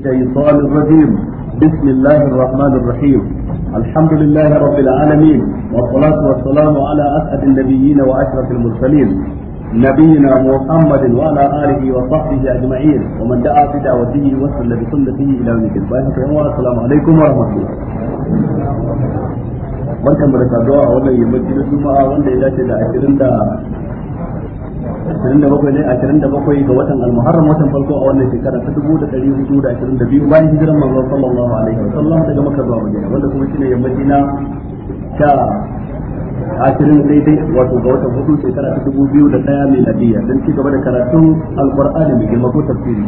الشيطان الرجيم بسم الله الرحمن الرحيم الحمد لله رب العالمين والصلاة والسلام على أسعد النبيين وأشرف المرسلين نبينا محمد وعلى آله وصحبه أجمعين ومن دعا بدعوته وسل بسنته إلى يوم الدين السلام عليكم ورحمة الله وبركاته mu da saduwa يمجد wannan yammacin إلى wanda ya 27 ne da 27 ga watan al watan farko a wannan shekara ta 1422 bayan hijiran manzon sallallahu alaihi wasallam daga makka zuwa madina wanda kuma shine yammaci na sha ashirin daidai wato ga watan hudu shekara ta 2001 miladiyya don ci gaba da karatun alqur'ani mai girma ko tafsiri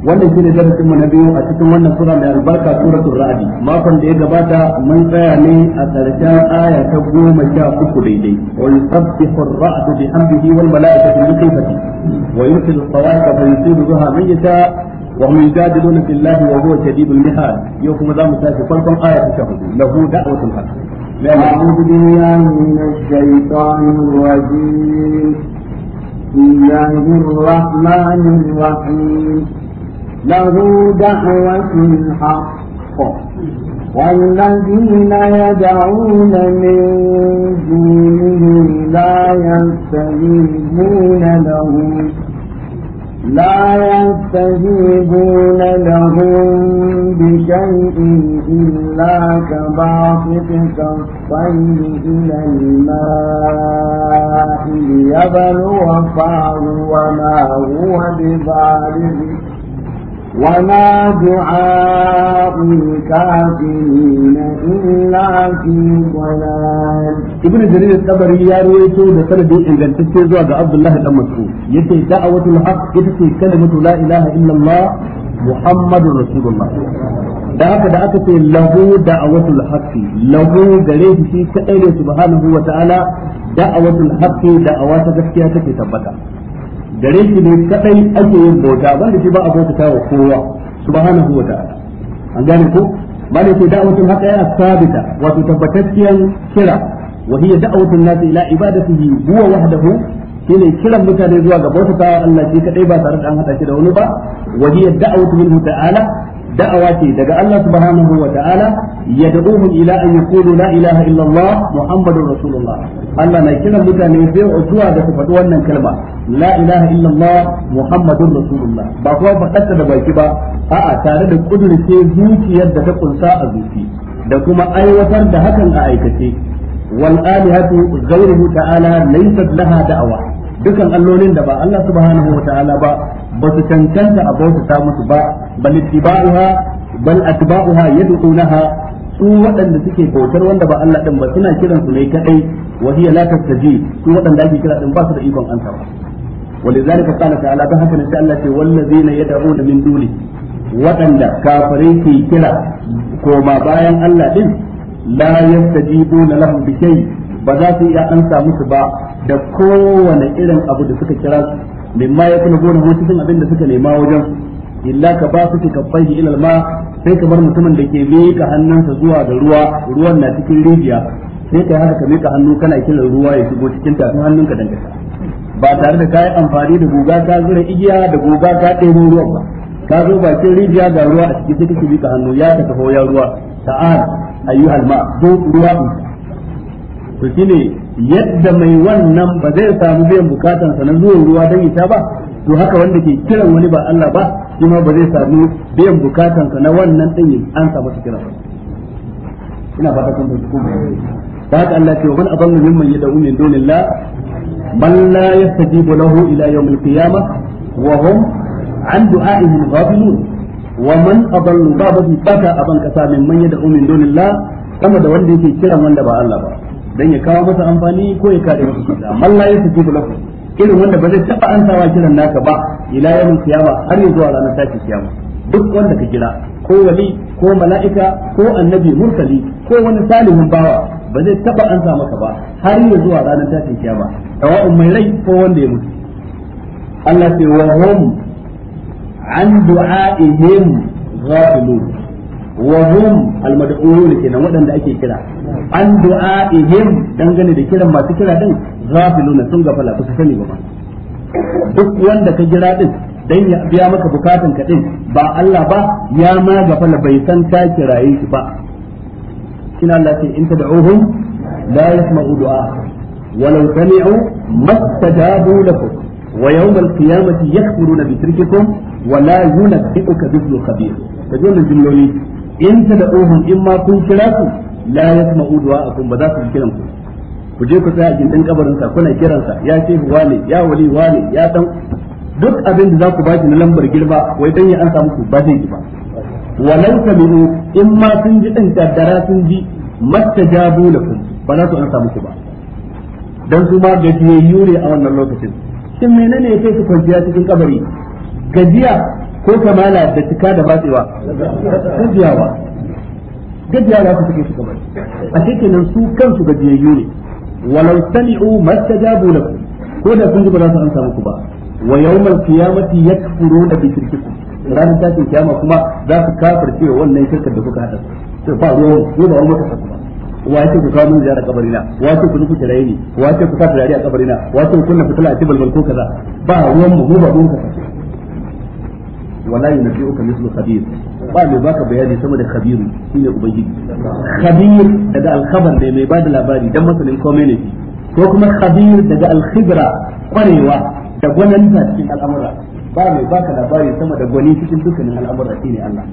wannan ne darasin mu na biyu a cikin wannan sura mai albarka suratul ra'd makon da ya gabata mun tsaya ne a karshen aya ta goma sha uku daidai wal tasbihu ar-ra'd bihamdihi wal mala'ikatu min khifati wa yursilu al fa yusibu biha man yasha wa hum yujadiluna fillahi wa huwa shadidul mihad yau kuma za mu tafi farkon aya ta 14 lahu da'watul haqq أعوذ من الشيطان الرجيم بسم الله الرحمن الرحيم له دعوة الحق والذين يدعون من دونه لا يستجيبون له لا يستجيبون لهم بشيء إلا كباسط كالصيد إلى الماء ليبلغ فاه وما هو ببالغه وما دعاء الكافرين إلا في ضلال ابن جرير الطبري يا رويتو ده سند ingantacce zuwa ga Abdullah dan Mas'ud yace da'awatul haqq ita ce kalimatu la ilaha illa Allah Muhammadur da haka da aka ce lahu da'awatul haqq lahu gare shi shi da ne subhanahu wa ta'ala da'awatul haqq da'awa ta gaskiya take tabbata gare shi ne kadai ake yin bauta ba da shi ba a bauta wa kowa subhanahu wa ta'ala an gane ko ba da ke da'awatul haqqa ya sabita wato tabbatacciyan kira wa hiya da'awatul nasi ila ibadatihi huwa wahdahu shine kiran mutane zuwa ga bautata Allah shi kadai ba tare da an hada shi da wani ba wa hiya da'awatul ta'ala da'awa ce daga Allah subhanahu wa ta'ala yad'uhum ila an yaqulu la ilaha illa Allah muhammadur Allah na kiran mutane sai zuwa da su faɗi wannan kalma la ilaha illa Allah muhammadur ba kuma faɗarta da baki ba a'a tare da kudurce zuciyar da ta kunsa a zuci da kuma aiwatar da hakan a aikace wal alihatu ghayruhu ta'ala laysat laha da'awa dukan allolin da ba Allah subhanahu wa ta'ala ba Basu su cancanta a ta musu ba bal ittiba'uha bal atba'uha yad'unaha su waɗanda suke bautar wanda ba Allah din ba suna kiran ne kadai wa hiya la su waɗanda ake kira din ba su da ikon ansa ba ولذلك قال تعالى بحث ان شاء الله والذين يدعون من دونه waɗanda kafirai ke kira koma bayan Allah ɗin la yastajibuna lahum bi shay ba za su iya ansa musu ba da kowane irin abu da suka kira mimma yakunu hu cikin abin da suka nema wajen illa ka ba su kaffaihi ila ma sai kamar mutumin da ke miƙa hannunsa zuwa ga ruwa ruwan na cikin rijiya sai kai haka ka miƙa hannu kana kiran ruwa ya shigo cikin tafin hannunka dangasa ba tare da kai amfani da guga ka zura igiya da guga ka ɗebo ruwan ba ka zo ba cikin rijiya ga ruwa a cikin sai kake miƙa hannu ya ka tafi hoya ruwa ta'ala ayyuhal ma zo ruwa ku shine yadda mai wannan ba zai samu biyan bukatansa na zuwan ruwa don ita ba to haka wanda ke kiran wani ba Allah ba shi ma ba zai samu biyan bukatansa na wannan din an samu su kira ba. ina fata kun fahimci kuma Ba haka Allah ce wa man adallu mimman yad'u min dunillah man la yastajibu lahu ila yawm al-qiyamah wa hum an du'a'ihim ghafilun wa man adallu ba'da baka aban kasa mimman yad'u min dunillah kama da wanda yake kiran wanda ba Allah ba dan ya kawo masa amfani ko ya kare masa cuta amma la yasjudu irin wanda ba zai taba ansawa kiran naka ba ila yamin kiyama har zuwa ranar tashi kiyama duk wanda ka kira ko wali ko mala'ika ko annabi mursali ko wani salihin bawa ba zai taba ansa maka ba har ya zuwa ranar tashin kiyama tawa'un mai rai ko wanda ya mutu Allah ce wa hum an du'a'ihim ghafilun wa hum almad'un kenan waɗanda ake kira an du'a'ihim dangane da kiran masu kira din ghafiluna sun gafala ba su sani ba duk wanda ka jira din dan ya biya maka bukatan ka din ba Allah ba ya ma gafala bai san ka kiraye shi ba kina Allah ce in tad'uhum la yasma'u du'a walau sami'u mastajabu lakum ويوم القيامة يكفرون بشرككم ولا ينبئك مثل خبير فجون الجملة in ta da ohun in ma kun kira su la yasma'u du'a'akum ba za su kiran ku ku je ku tsaya a gindin kabarin sa kuna kiran sa ya shehu wane ya wali wane ya dan duk abin da za ku baki na lambar girma wai dan ya an samu ku ba zai ki ba walau kaminu in ma sun ji dan kaddara sun ji mastajabu lakum ba za su an samu ku ba dan su ma gajiyayyu ne a wannan lokacin shin menene ya sai su kwanciya cikin kabari gajiya ko kamala da cika da batsewa gajiyawa za su suke suka bari a cikin su kansu gajiyayyu ne walau sami'u mastajabu lakum ko da sun ji ba za su amsa muku ba wa yawmal qiyamati yakfuruna bi shirkikum ranar tashin kiyama kuma za su kafirce wannan shirkar da kuka hada sai ba ruwa ko ba wani kasa kuma wace ku kawo mun ziyara kabari kabarina wace ku nufi tarayi ne wace ku sa turare a kabarina wace ku kunna fitila a tibal ko kaza ba ruwan mu ba ruwan kasa wala yunabbi'uka mithlu khabir ba mai baka bayani sama da khabiru shine ubangiji khabir daga al ne mai bada labari dan masanin komai ne ko kuma khabir daga al kwarewa da gwaninta cikin al'amura ba mai baka labari sama da gwani cikin dukkanin al'amura shine Allah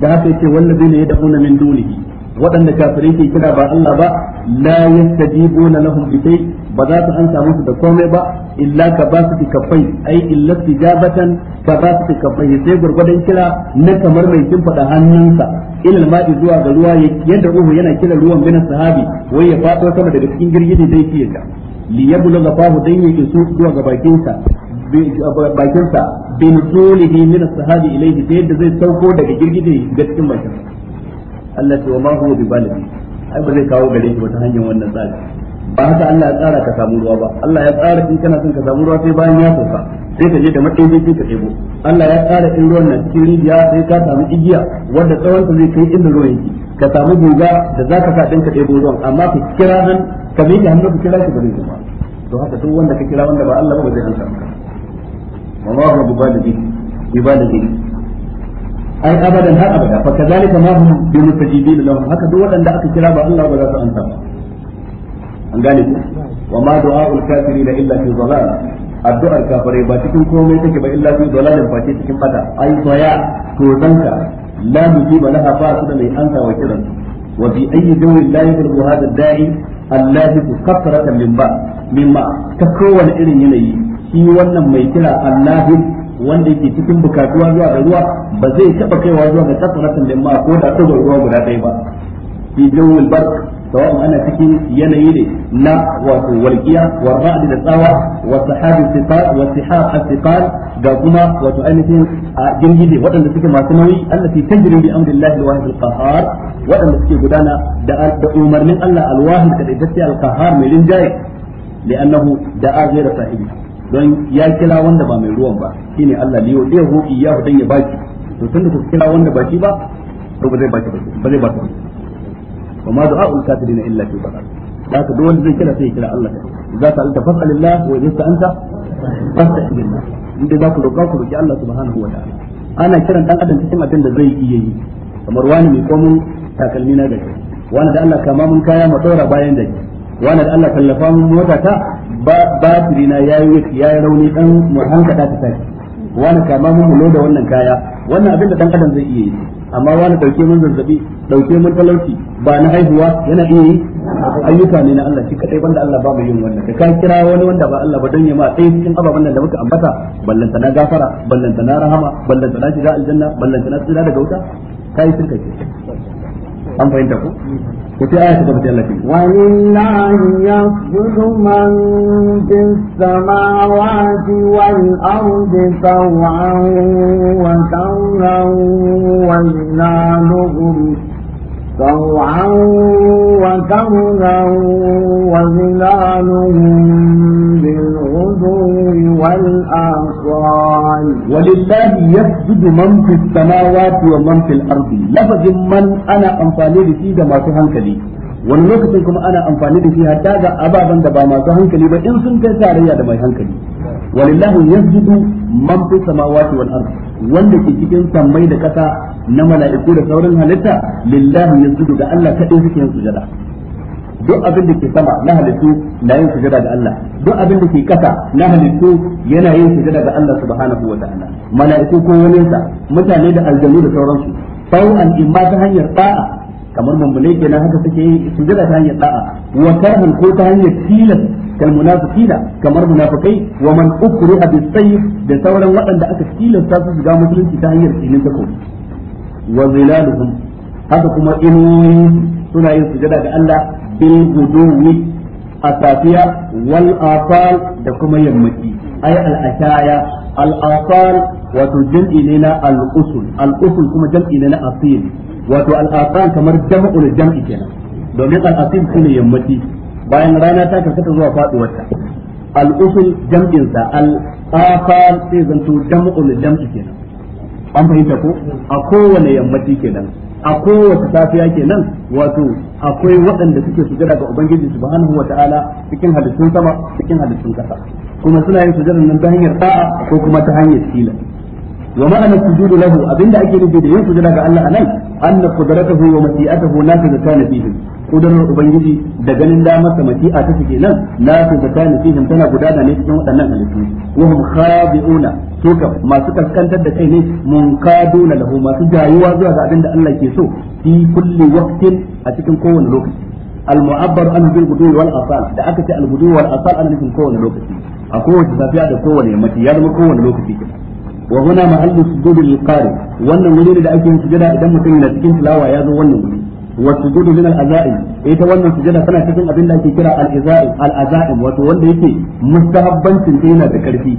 da haka yace wallazina yad'una min dunihi waɗanda kafirai ke kira ba Allah ba la yastajibuna na bi shay ba za ta ansa musu da komai ba illa ka ba su kafai ai illa tijabatan ka ba su kafai sai gurgurdan kira na kamar mai kin fada hannunsa ilal ma'i zuwa ga ruwa yadda ruhu yana kira ruwan bin sahabi wai ya fado sama daga cikin girgije dai shi ya li yablugha fahu dan yake su zuwa ga bakinsa bakinsa bin tulihi min sahabi ilayhi sai yadda zai sauko daga girgije ga cikin bakinsa Allah ta wa ma huwa bi balidi ai ba zai kawo gare shi wata hanyar wannan tsari ba haka Allah ya tsara ka samu ruwa ba Allah ya tsara in kana son ka samu ruwa sai bayan ya sauka sai ka je da matsayi sai ka ɗebo Allah ya tsara in ruwan nan cikin rijiya sai ka samu igiya wanda tsawon ta zai kai inda ruwan yake ka samu guga da za ka sa ɗin ka ɗebo ruwan amma ka kira nan ka mai da hannu ka kira shi ba zai ba to haka duk wanda ka kira wanda ba Allah ba zai amsa wallahu bi balidi bi balidi ai abadan har abada fa kazalika ma hum bi mustajibin lahum haka duk wanda aka kira ba Allah ba za su amsa ba an gane ku wa ma du'a'ul kafirina illa fi dhalal addu'ar kafirai ba cikin komai take ba illa fi dhalalin face cikin bata ai daya to zanka la mujiba laha ba su da mai ansa wa kiran wa bi ayyi dawin la yadru hadha da'i allahi kasratan min ba mimma ta kowane irin yanayi shi wannan mai kira allahi wanda yake cikin bukatuwa zuwa ga ruwa ba zai taba kaiwa zuwa ga kasratan min ba ko da ta ruwa guda ɗaya ba fi dawil bark sawa'un ana cikin yanayi ne na wato walqiya wa ra'd da tsawa wa sahabi thiqal wa sihab athiqal ga kuma wato ainihin a gingide waɗanda suke masu nauyi Allah fi tajri bi amrillah alwahid alqahar waɗanda suke gudana da da umarnin Allah alwahid da dai alqahar mai rinjaye li'annahu da'a don ya kila wanda ba mai ruwan ba shine Allah liyo liyo iyahu dan ya baki to tunda ku kila wanda ba shi ba to ba zai baki ba zai baki wa ma du'a'ul kafirin illa fi dhalal da ka duk wanda zai kira sai kira Allah za ka alta fas'alillah wa idza anta fas'alillah inda za ku roƙa ku roƙi Allah subhanahu wa ta'ala ana kiran dan adam cikin abin zai iya yi kamar wani mai komun takalmi na da wani da Allah kama mun kaya ma tsora bayan da wani da Allah kallafa mun mota ta batiri na yayi yayi rauni dan mu hankada ta tashi wani kama mun mulo da wannan kaya wannan abin da dan adam zai iya yi amma wani dauke mun zazzabi dauke mun talauci ba na haihuwa yana iya yi ayyuka ne na Allah shi kadai banda Allah ba mai yin wannan da ka kira wani wanda ba Allah ba don ya ma tsayi cikin ababen nan da muka ambata ballanta na gafara ballanta na rahama ballanta na shiga aljanna ballanta na tsira daga wuta kai sun kai an fahimta ko وفي آية قبل التي ولله يسجد من في السماوات والأرض طوعا وكرها وظلالهم طوعا وكرها وظلالهم بال الصدور والأرصال ولله يسجد من في السماوات ومن في الأرض لفظ من أنا أنفاني لسيدة ما تهنك wani lokacin kuma ana amfani da shi hatta ga ababen da ba masu hankali ba in sun kai tarayya da mai hankali walillahi yasjudu man fi samawati wal ard wanda ke cikin sammai da kasa na mala'iku da sauran halitta lillahi yasjudu da Allah kadai suke yin sujada duk abin da ke sama na halittu na yin sujada ga Allah duk abin da ke kasa na halittu yana yin sujada ga Allah subhanahu wata'ala mala'iku ko wani sa mutane da aljanu da sauransu an imma ta hanyar da'a kamar mambalai kenan haka suke yi sujada ta hanyar da'a wa karhan ko ta hanyar tilas kal munafiqina kamar munafikai wa man ukriha bis sayf da sauran waɗanda aka tilasta su shiga musulunci ta hanyar tsinin takobi wa zilaluhum haka kuma inuwoyin suna yin sujada ga Allah بالغدو الصافية والآصال دكما يمتي أي الأشايا الآصال وتجمع إلينا الأصل الأصل كما جمع إلينا أصيل wato al'asan kamar jama'ul jam'i kenan domin al'asin shine yammaci bayan rana ta karkata zuwa faduwar ta al'usul jam'in sa al'asan sai zanto jama'ul jam'i kenan an fahimta ko a kowane yammaci kenan a kowace safiya kenan wato akwai waɗanda suke sujada ga ubangiji subhanahu wataala cikin halittun sama cikin halittun kasa kuma suna yin sujada nan ta hanyar da'a ko kuma ta hanyar sila wa ma'ana sujudu lahu abinda ake nufi da yin sujada ga Allah anan anna qudratuhu wa mashi'atuhu la tazakana fihi kudurar ubangiji da ganin damar sa mati'a ta suke nan la su zata ni fihim tana gudana ne cikin waɗannan halittu wa khabi'una to kam masu kaskantar da kai ne munqaduna lahu masu jayuwa zuwa ga abin da Allah ke so fi kulli waqtin a cikin kowane lokaci al-mu'abbar an bil gudu wal asal da aka ce al-gudu wal asal ana nufin kowane lokaci a kowace safiya da kowane yammaci ya zama kowane lokaci wa huna mahallu sujudil qari wannan wuri da ake yin sujada idan mutum na cikin tilawa ya zo wannan wuri والسجود من الأزائم wannan وانا سجدة سنة تكون أبين لأيكي كرا الأزائم الأزائم وتوانا يكي مستحبا سنتين بكرفي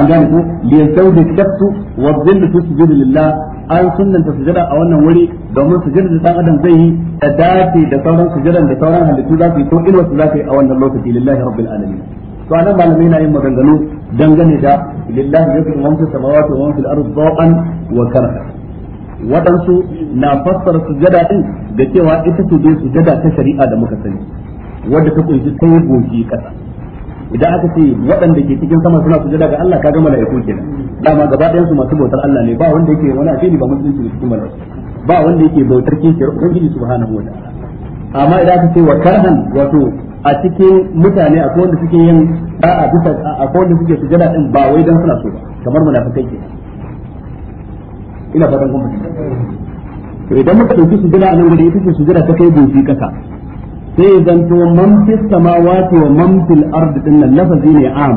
an gane ko liyazdau da shakku wa dhillu fi sujudi lillah an sunnanta sujada a wannan wuri domin sujada da ta adam zai yi da dace da sauran sujadan da sauran halittu za su yi ko in su za su a wannan lokaci lillahi rabbil alamin to anan malamai na yin maganganu dangane da lillahi yake man fi samawati wa man fil ardi dawan wa karha waɗansu na fassara sujada ɗin da cewa ita ce dai sujada ta shari'a da muka sani wadda ta kunshi yi goshi kasa idan aka ce waɗanda ke cikin sama suna jada ga Allah ka gama kaga mala'iku kenan dama gaba ɗayan su masu bautar Allah ne ba wanda yake wani a ba musulunci cikin mala'iku ba wanda yake bautar kishiyar ubangiji subhanahu wa ta'ala amma idan aka ce wa karhan wato a cikin mutane akwai wanda suke yin a bisa akwai wanda suke sujada ɗin ba wai dan suna so ba kamar munafikai kenan ina fatan kun to idan muka dauki sujada a nan gure ita ce sujada ta kai goshi kasa sai zanto man fis samawati wa man fil ardi din nan lafazi ne am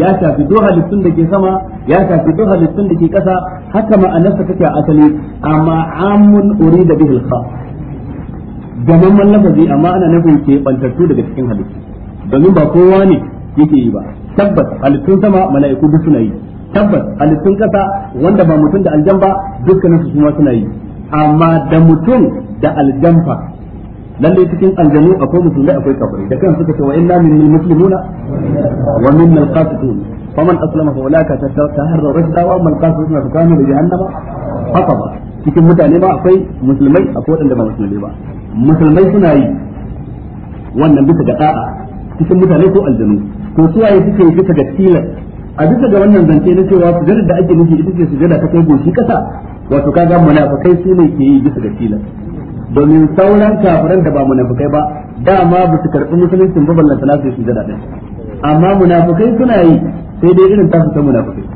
ya tafi duk halittun da ke sama ya tafi duk halittun da ke kasa haka ma'anarsa take a asali amma amun urida bihi al-khas gamamman lafazi amma ana nufin ke bantattu daga cikin halittu domin ba kowa ne yake yi ba tabbas halittun sama mala'iku duk suna yi tabbas halittun kasa wanda ba mutum da aljan ba dukkanin su kuma suna yi amma da mutum da aljan fa lalle cikin aljanu akwai musulmai akwai kafirai da kan suka ce wa inna minal muslimuna wa minnal qasitun faman aslama fa ulaka taharra rashda wa man qasituna fa kana jahannama hataba cikin mutane ba akwai musulmai akwai wadanda ba musulmai ba musulmai suna yi wannan bisa ga da'a cikin mutane ko aljanu ko suwaye suke bisa ga tilas a bisa ga wannan zance na cewa sujada da ake nufi ita ce sujada ta kai goshi kasa wato kaga munafikai su ne ke yi bisa ga tilas domin sauran kafiran da ba munafikai ba dama ba su karɓi musulunci ba ballan sana su sujada ɗin amma munafikai suna yi sai dai irin tasu ta munafikai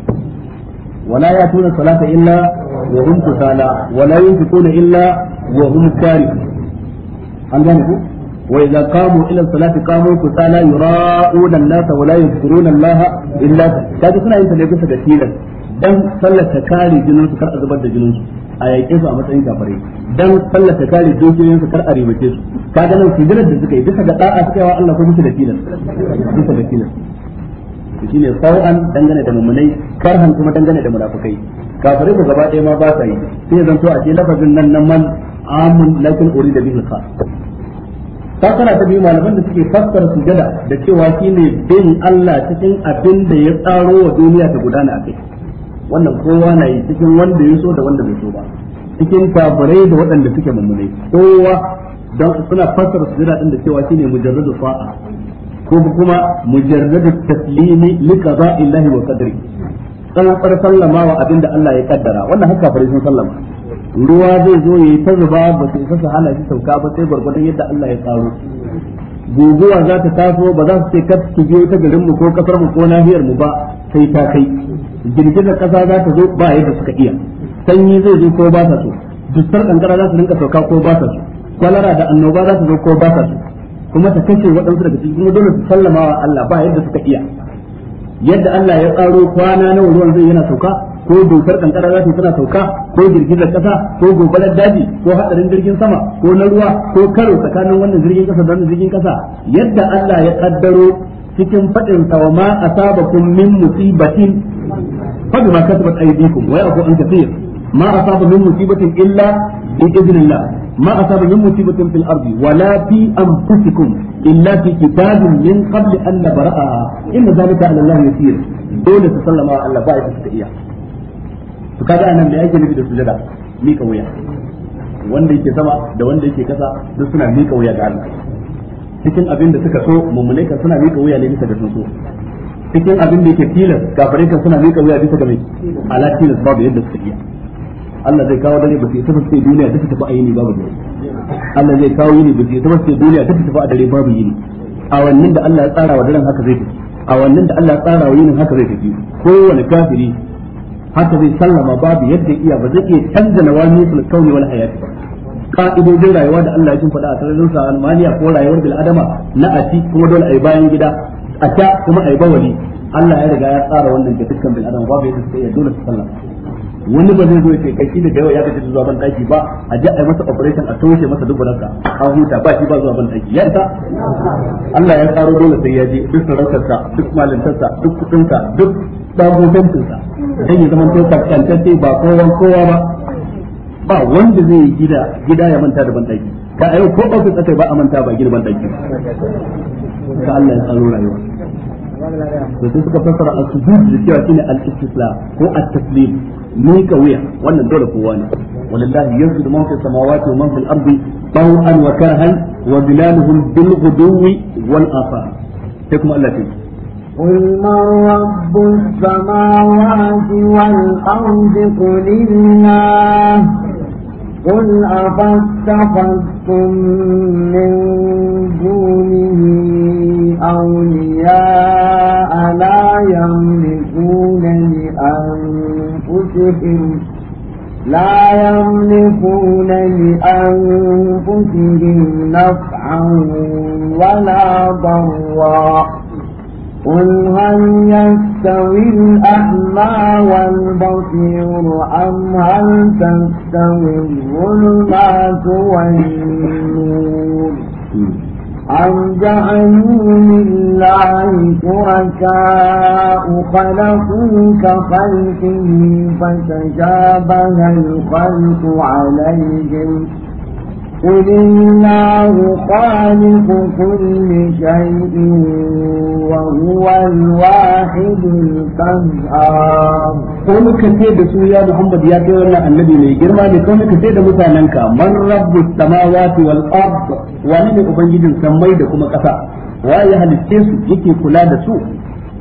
wala ya tuna salata illa wa hum kusala wala yunfiquna illa wa hum karihun an gane ku وإذا قاموا إلى الصلاة قاموا كسالى يراءون الناس ولا يذكرون الله إلا كاد سنة أنت ليس كثيرا dan sallata kare jinin kar a zubar da jinin su a a matsayin kafare dan sallata kare dokiyoyin kar a ribace su ka ga da suka yi ga da tilas shine sau'an dangane da mummunai karhan kuma dangane da munafukai kafirai ko gaba ɗaya ma ba sa yi sai zanto a ce lafazin nan nan man amun lakin urida bihi fasara ta biyu malaman da suke fassara sujada da cewa shine bin Allah cikin abin da ya tsaro wa duniya ta gudana a kai wannan kowa na yi cikin wanda ya so da wanda bai so ba cikin kafirai da waɗanda suke mummunai kowa don suna fassara sujada din da cewa shine mujarradu fa'a ko kuma mujarradu taslimi li qada'illahi wa qadri san sallama wa abinda Allah ya kaddara wannan haka kafirai sun sallama ruwa zai zo yi ta zuba ba su isa hana shi sauka ba sai gwargwadon yadda Allah ya tsaro guguwa za ta taso ba za su ce kar su biyo ta garin mu ko kasar mu ko nahiyar mu ba sai ta kai girgizar kasa za ta zo ba yadda suka iya sanyi zai zo ko ba sa so dusar kankara za su rinka sauka ko ba sa so kwalara da annoba za su zo ko ba sa so kuma ta kashe waɗansu daga cikin kuma dole su sallama wa Allah ba yadda suka iya yadda Allah ya tsaro kwana nawa ruwan zai yana sauka ko dokar kankara za ta tana sauka ko girgizar kasa ko gobarar daji ko hadarin jirgin sama ko na ruwa ko karo tsakanin wannan jirgin kasa da wannan jirgin kasa yadda Allah ya kaddaro cikin fadin sa wa ma asabakum min musibatin fa bima kasabat aydikum wa ya'fu an kathir ma asaba min musibatin illa bi idnillah ما أصاب من مصيبة في الأرض ولا في أنفسكم إلا في كتاب من قبل أن نبرأها إن ذلك Dole su sallama wa Allah على ya باية to kaga anan me yake nufi da sujada mika wuya wanda yake sama da wanda yake kasa duk suna mika wuya ga Allah cikin abin da suka so mummune kan suna mika wuya ne bisa ga sun so cikin abin da yake tilas kafirai kan suna mika wuya bisa ga mai ala tilas babu yadda suka iya Allah zai kawo dare ba su yi tafas sai duniya ta tafi a yini babu dare Allah zai kawo yini ba su yi tabbas sai duniya ta tafi a dare babu yini a wannan da Allah ya tsara wa daren haka zai tafi a wannan da Allah ya tsara wa yinin haka zai tafi kowane kafiri haka zai sallama babu yadda iya ba zai iya canza na wani sul kauni wal hayati ka'idojin rayuwa da Allah ya faɗa a sararin sa almaniya ko rayuwar bil adama na aci kuma dole ai bayan gida a ta kuma ai bawali Allah ya riga ya tsara wannan ga dukkan bil adama babu yadda sai ya dole su sallama wani ba zai zo ya ce kai shi da yawa ya gaji zuwa ban daki ba a ji a masa operation a toshe masa duburansa a huta ba shi ba zuwa ban daki ya isa Allah ya tsaro dole sai ya je duk sarautarsa duk malintarsa duk kudinka, duk dagogancin sa dan ya zama to kaskantacce ba kowan kowa ba ba wanda zai yi gida gida ya manta da bandaki ka ko ofis ba a manta ba gida bandaki ka Allah ya tsaro rayuwa to sai suka fassara al-sujud da cewa shine al-istislam ko at-taslim ne ka wuya wannan dole kowa ne walillahi yanzu da fi samawati wa man fil ardi taw'an wa karhan wa bilaluhum bil ghuduwi wal asar sai kuma Allah ya قل من رب السماوات والأرض قل الله قل أفاتخذتم من دونه أولياء لا يملكون لأنفسهم لا يملكون لأنفسهم نفعا ولا ضرا قل هل يستوي الأعمى والبصير أم هل تستوي الظلمات والنور أم جعلوا لله شركاء خلقوا كخلقه فتشابه الخلق عليهم قل الله خالق كل شيء وهو الواحد القهار قوم كتير سو يا محمد يا كيوانا النبي مي جرما لكم كتير متاننك من رب السماوات والأرض ومن أبنجد سمي لكم قفا ويهل السيس يكي كلا دسو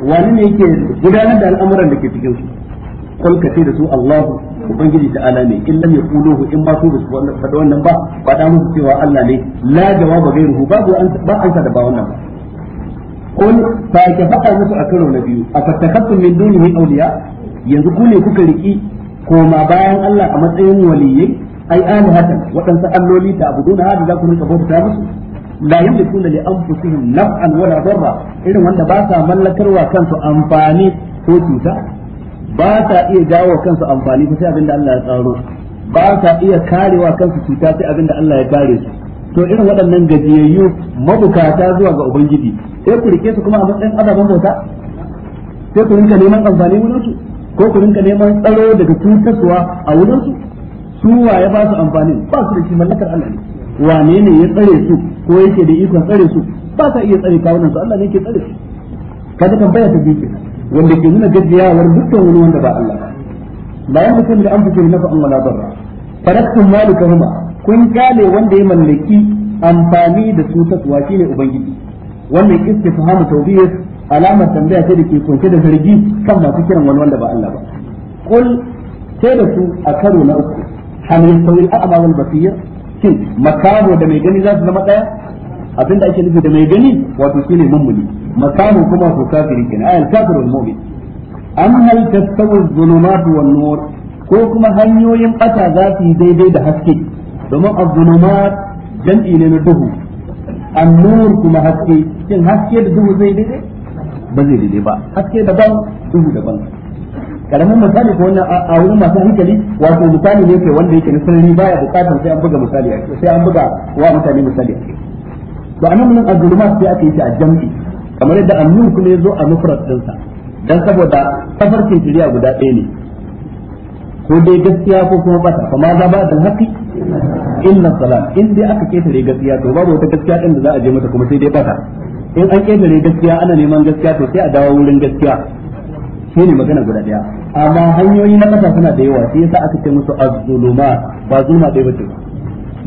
ومن يكي قدانا الأمر لكي تجوشي kul ka da su Allahu ubangiji ta ala ne in lam yaquluhu in ba su ba su wannan ba, ba da musu cewa Allah ne la jawaba gairuhu babu ba an da ba wannan ba kul fa ka faɗa musu a karo na biyu a fattakatum min dunihi awliya yanzu ku ne kuka riki koma bayan Allah a matsayin waliyyai, ai alihatan waɗansu alloli da abuduna hada za ku rinka bauta musu لا يملكون naf'an نفعا ولا irin wanda ba sa ملكر kansu amfani ko cuta ba sa iya jawo kansu amfani sai abin da Allah ya tsaro ba sa iya karewa kansu cuta sai abin da Allah ya kare su to irin waɗannan gajiyayyu mabukata zuwa ga ubangiji sai ku rike su kuma a matsayin azaban bauta sai ku rinka neman amfani wurin su ko ku rinka neman tsaro daga cutarwa a wurin su su waye ba su amfani ba su da shi mallakar Allah ne wane ne ya tsare su ko yake da ikon tsare su ba sa iya tsare kawunan su Allah ne ke tsare su kada tambaya ta biyu kenan wanda ke nuna gajiyawar dukkan wani wanda ba Allah ba mutum da an fi na fa'an wala barra faraktum malikahuma kun kyale wanda ya mallaki amfani da su tasuwa shine ubangiji wannan istifhamu tawbiyah alamar tambaya ce da ke kunshe da zargi kan masu kiran wani wanda ba Allah ba qul sai da su a karo na uku hanyar sauri a ama wal shin makamo da mai gani za su zama daya abinda ake nufi da mai gani wato shine mummuni makamu kuma ko kafiri kenan ayal kafirul mu'min an hal tastawi dhulumat wan nur ko kuma hanyoyin bata za su yi daidai da haske domin az-zulumat jam'i ne na duhu an-nur kuma haske shin haske da duhu zai daidai ba zai daidai ba haske da ban duhu daban karamin misali ko wannan a wurin masu hankali wato misali ne ke wanda yake na sanari baya bukatar sai an buga misali sai an buga wa mutane misali a to anan mun gurma sai aka yi shi a jam'i kamar yadda annun kuma yazo a mufrad din sa dan saboda tafarkin shari'a guda ɗaya ne ko dai gaskiya ko kuma bata kuma za ba da haƙi inna salat in dai aka ketare gaskiya to babu wata gaskiya din da za a je mata kuma sai dai bata in an ketare gaskiya ana neman gaskiya to sai a dawo wurin gaskiya shi ne magana guda daya amma hanyoyi na kasa suna da yawa sai yasa aka ce musu azzuluma zuluma ba zuma ɗaya ba ba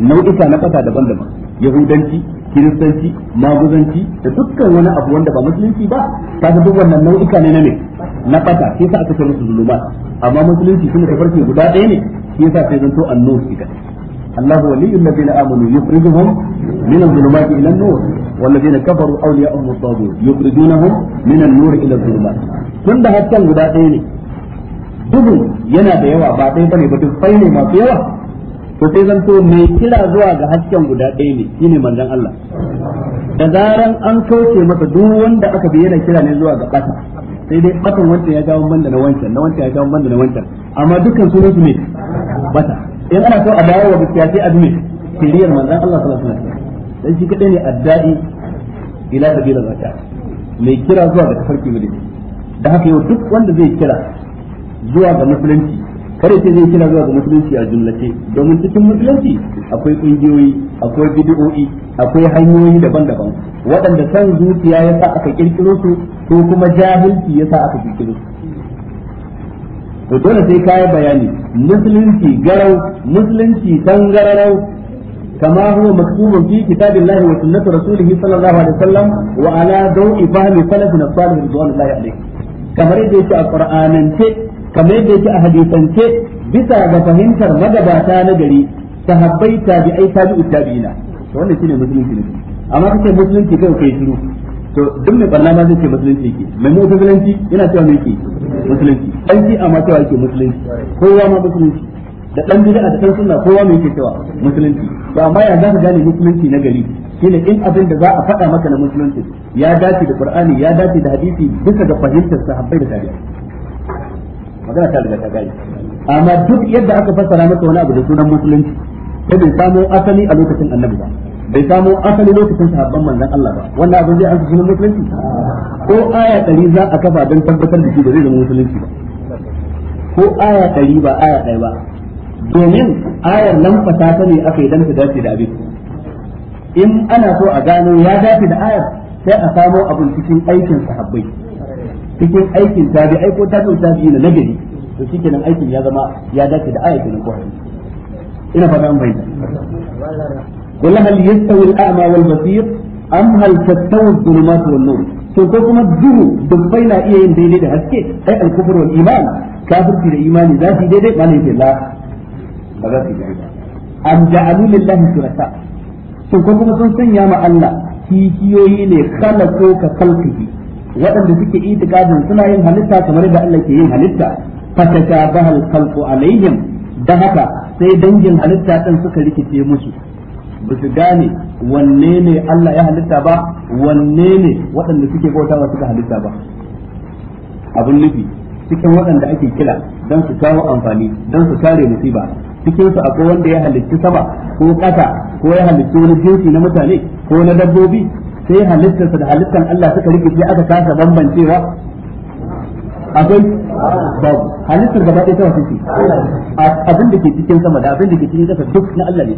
nau'ika na kasa daban-daban yahudanci kiristanci maguzanci da dukkan wani abu wanda ba musulunci ba ta ga duk wannan nau'ika ne na ne na fata sai sa aka musu zuluma amma musulunci kuma tafarki guda ɗaya ne sai sa sai zanto annur kika Allahu waliyyu alladhina amanu yukhrijuhum min adh-dhulumati ila an-nur walladhina kafaru awliya'uhum as-sabir yukhrijunahum min an-nur ila adh-dhulumat kun da hakkan guda ɗaya ne dubu yana da yawa ba ɗaya bane ba duk fayne masu yawa to sai zan to mai kira zuwa ga hasken guda ɗaya ne shine manzon Allah da zaran an kauce masa duk wanda aka bi yana kira ne zuwa ga ƙasa sai dai ɓatan wancan ya jawo banda na wancan na wancan ya jawo banda na wancan amma dukkan su ne su ne bata in ana so a dawo wa gaskiya sai azumi kiriyar manzon Allah sallallahu alaihi wasallam dan shi kadai ne addai ila sabila zakka mai kira zuwa ga tafarki mu da haka yau duk wanda zai kira zuwa ga musulunci kada ce zai kira zuwa ga musulunci a jumlace domin cikin musulunci akwai kungiyoyi akwai bid'o'i akwai hanyoyi daban-daban waɗanda san zuciya ya sa aka kirkiro su ko kuma jahilci ya sa aka kirkiro su to dole sai kayan bayani musulunci garau musulunci tangararau كما هو مكتوب في كتاب الله وسنة رسوله صلى الله عليه وسلم وعلى ضوء فهم سلفنا الصالح رضوان الله عليه كما يجي في القرآن kamar yadda yake a hadisance bisa ga fahimtar magabata na gari sahabbai tabi'ai tabi'u tabi'ina to wannan shine musulunci ne amma kace musulunci kai kai shiru to duk mai barna ma zai ce musulunci yake mai musulunci ina cewa mai yake musulunci dan shi amma cewa yake musulunci kowa ma musulunci da dan bid'a da dan sunna kowa mai yake cewa musulunci to amma ya za ka gane musulunci na gari shine in abin da za a faɗa maka na musulunci ya dace da qur'ani ya dace da hadisi bisa ga fahimtar sahabbai da tabi'ai magana ta riga ta gani amma duk yadda aka fassara masa wani abu da sunan musulunci sai bai samo asali a lokacin annabi ba bai samo asali lokacin sahabban manzon Allah ba wannan abin zai ansa sunan musulunci ko aya ɗari za a kafa don tabbatar da shi da zai zama musulunci ba ko aya ɗari ba aya ɗaya ba domin ayar nan fata ta ne aka yi dan ta dace da abin in ana so a gano ya dace da ayar sai a samo abin cikin aikin sahabbai cikin aikin tabi'ai ko tabi'u tabi'i na nagari to shikenan aikin ya zama ya dace da ayatin ko hadisi ina fata an bayyana kullu hal yastawi al-a'ma wal basir am hal tastawi al-dhulumat wan nur to ko kuma duhu dubbai na iya yin daidai da haske ai al-kufr wal iman kafirci da imani za su daidai ba ne la ba za su daidai am ja'alu lillahi shuraka to ko kuma sun sanya ma Allah kikiyoyi ne kala khalaqo ka khalqihi waɗanda suke itikadin suna yin halitta kamar yadda Allah ke yin halitta fataka al khalqu alaihim da haka sai dangin halitta din suka rikice musu ba su gane wanne ne Allah ya halitta ba wanne ne waɗanda suke bautawa suka halitta ba abun nufi cikin waɗanda ake kira don su kawo amfani don su kare musiba cikin su akwai wanda ya halitta sama ko ƙasa ko ya halitta wani jinsi na mutane ko na dabbobi sai halittarsa da halittar Allah suka rikice aka kasa bambancewa akwai babu halittar gaba ɗaya ta wasu ce abin da ke cikin sama da abin da ke cikin duk na Allah ne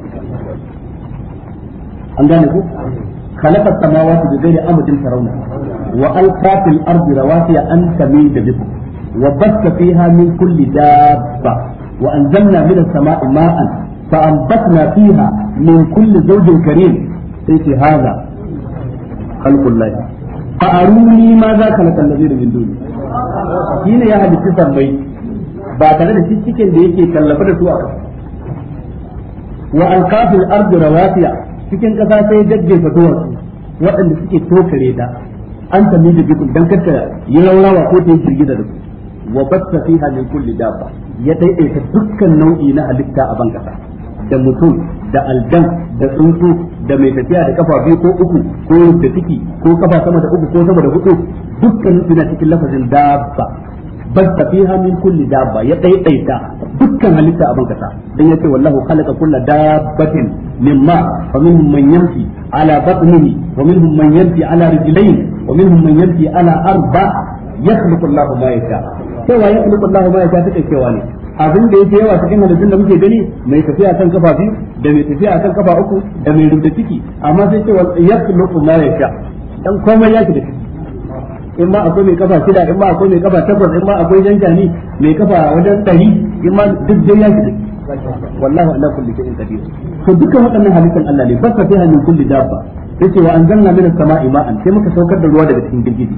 an gane ku خلق السماوات بغير أمد ترون وألقى في Wa رواسي fiha تميد kulli وبث Wa من كل دابة وأنزلنا ma'an, السماء ماء فأنبتنا فيها من كل زوج كريم ليس Hadha. khalqullahi fa aruni ma za ka lakan da zai min duni shine ya halitta sammai ba tare da cikin da yake kallafa da su a wa alqafil ardi rawasiya cikin kasa sai jajjefa duwatsu waɗanda suke tokare da an tambaye da bikin dan karka yi raurawa ko ta yi girgiza da su wa batta fiha min kulli dabba ya daidaita dukkan nau'i na halitta a ban kasa da mutum da aljan da tsuntsu da mai tafiya da kafa biyu ko uku ko da ciki ko kafa sama da uku ko sama da hudu dukkan suna cikin lafazin dabba basta tafiya min kulli dabba ya daidaita dukkan halitta a bankasa dan yace wallahu khalaqa kulla dabbatin mimma fa minhum man yamshi ala batnihi wa minhum man yamshi ala rijlayn wa minhum man yamshi ala arba yakhluqu Allahu ma yasha cewa ya kullu Allahu ma ya ta take cewa ne abin da yake yawa cikin halittun da muke gani mai tafiya kan kafa biyu da mai tafiya kan kafa uku da mai rubuta ciki amma sai cewa ya kullu ma ya sha dan komai ya shiga in ma akwai mai kafa shida in ma akwai mai kafa takwas in ma akwai janjani mai kafa wajen ɗari in ma duk dai ya shiga wallahi ala kulli shay'in qadir to dukkan waɗannan halittun Allah ne basa fiha min kulli dabba yace wa anzalna minas sama'i ma'an sai muka saukar da ruwa daga cikin girgiji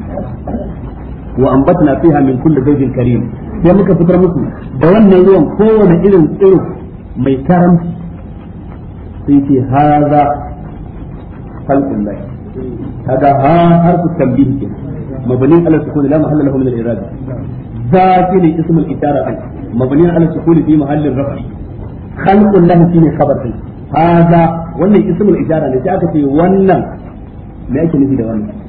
wa ambatna fiha min kulli zawjin karim sai muka fitar musu da wannan ruwan kowane irin tsiro mai karamci sai ce haza khalqul lahi kaga ha harfu tanbih ke mabni ala sukun la mahalla lahu min al-i'rab itara an. الإشارة مبني على السكون في محل الرفع خلق الله فيه خبر هذا wannan ismul itara ne sai aka ce wannan me ake nufi da wannan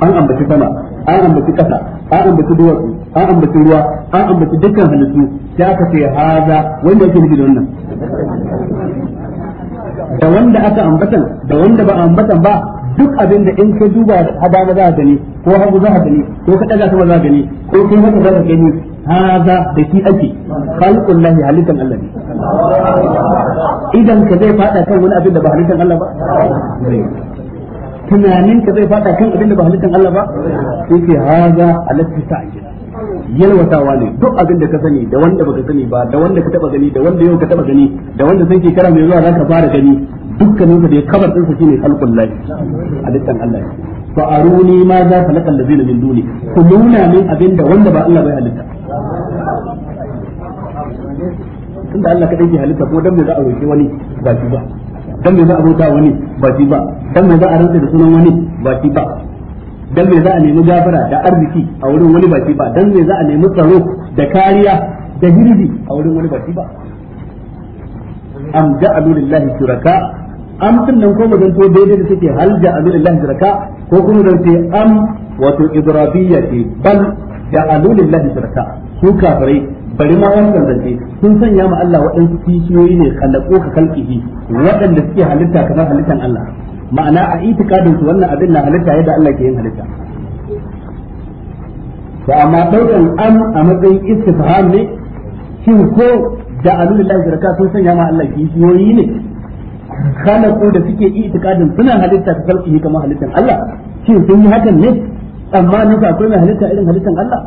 an ambaci sama an ambaci kasa an ambaci duwatsu an ambaci ruwa an ambaci dukkan halittu sai aka ce haza wanda yake nufi da wannan da wanda aka ambatan da wanda ba ambatan ba duk abin da in ka duba hadama za ka gani ko hagu za ka gani ko ka daga sama za ka gani ko kai haka za ka gani haza da shi ake khalqul lahi halikan Allah idan ka zai fada kan wani abin da ba halikan Allah ba tunaninka zai fada kan abin da ba halittar Allah ba sai ce haza alatti ta ajira yalwatawa ne duk abin da ka sani da wanda baka sani ba da wanda ka taba gani da wanda yau ka taba gani da wanda sai shekara mai zuwa za ka fara gani dukkanin ka da ya kabar din sa shine khalqul lahi halittan Allah fa aruni ma za fa lakal ladina min duni ku nuna min abin da wanda ba Allah bai halitta tunda Allah kadai ke halitta kuma dan me za a roki wani ba shi ba dan me za a bauta wani ba shi ba dan me za a rantsa da sunan wani ba shi ba dan me za a nemi gafara da arziki a wurin wani ba shi ba dan me za a nemi tsaro da kariya da hirbi a wurin wani ba shi ba am ja'alu lillahi shuraka am tun nan ko to daidai da suke hal ja'alu lillahi shuraka ko kuma zan ce am wato idrabiyati bal ja'alu lillahi shuraka ku kafirai bari ma wannan zance sun sanya ma Allah waɗansu kishiyoyi ne kallako ka kalkihi waɗanda suke halitta kamar halittan Allah ma'ana a itikadin su wannan abin na halitta yadda Allah ke yin halitta to amma daukan an a matsayin istifham ne shi ko da alulillahi zarka sun sanya ma Allah kishiyoyi ne khalaqu da suke itikadin suna halitta ka kalkihi kamar halittan Allah shi sun yi hakan ne tsammanin nufa akwai mai halitta irin halittan Allah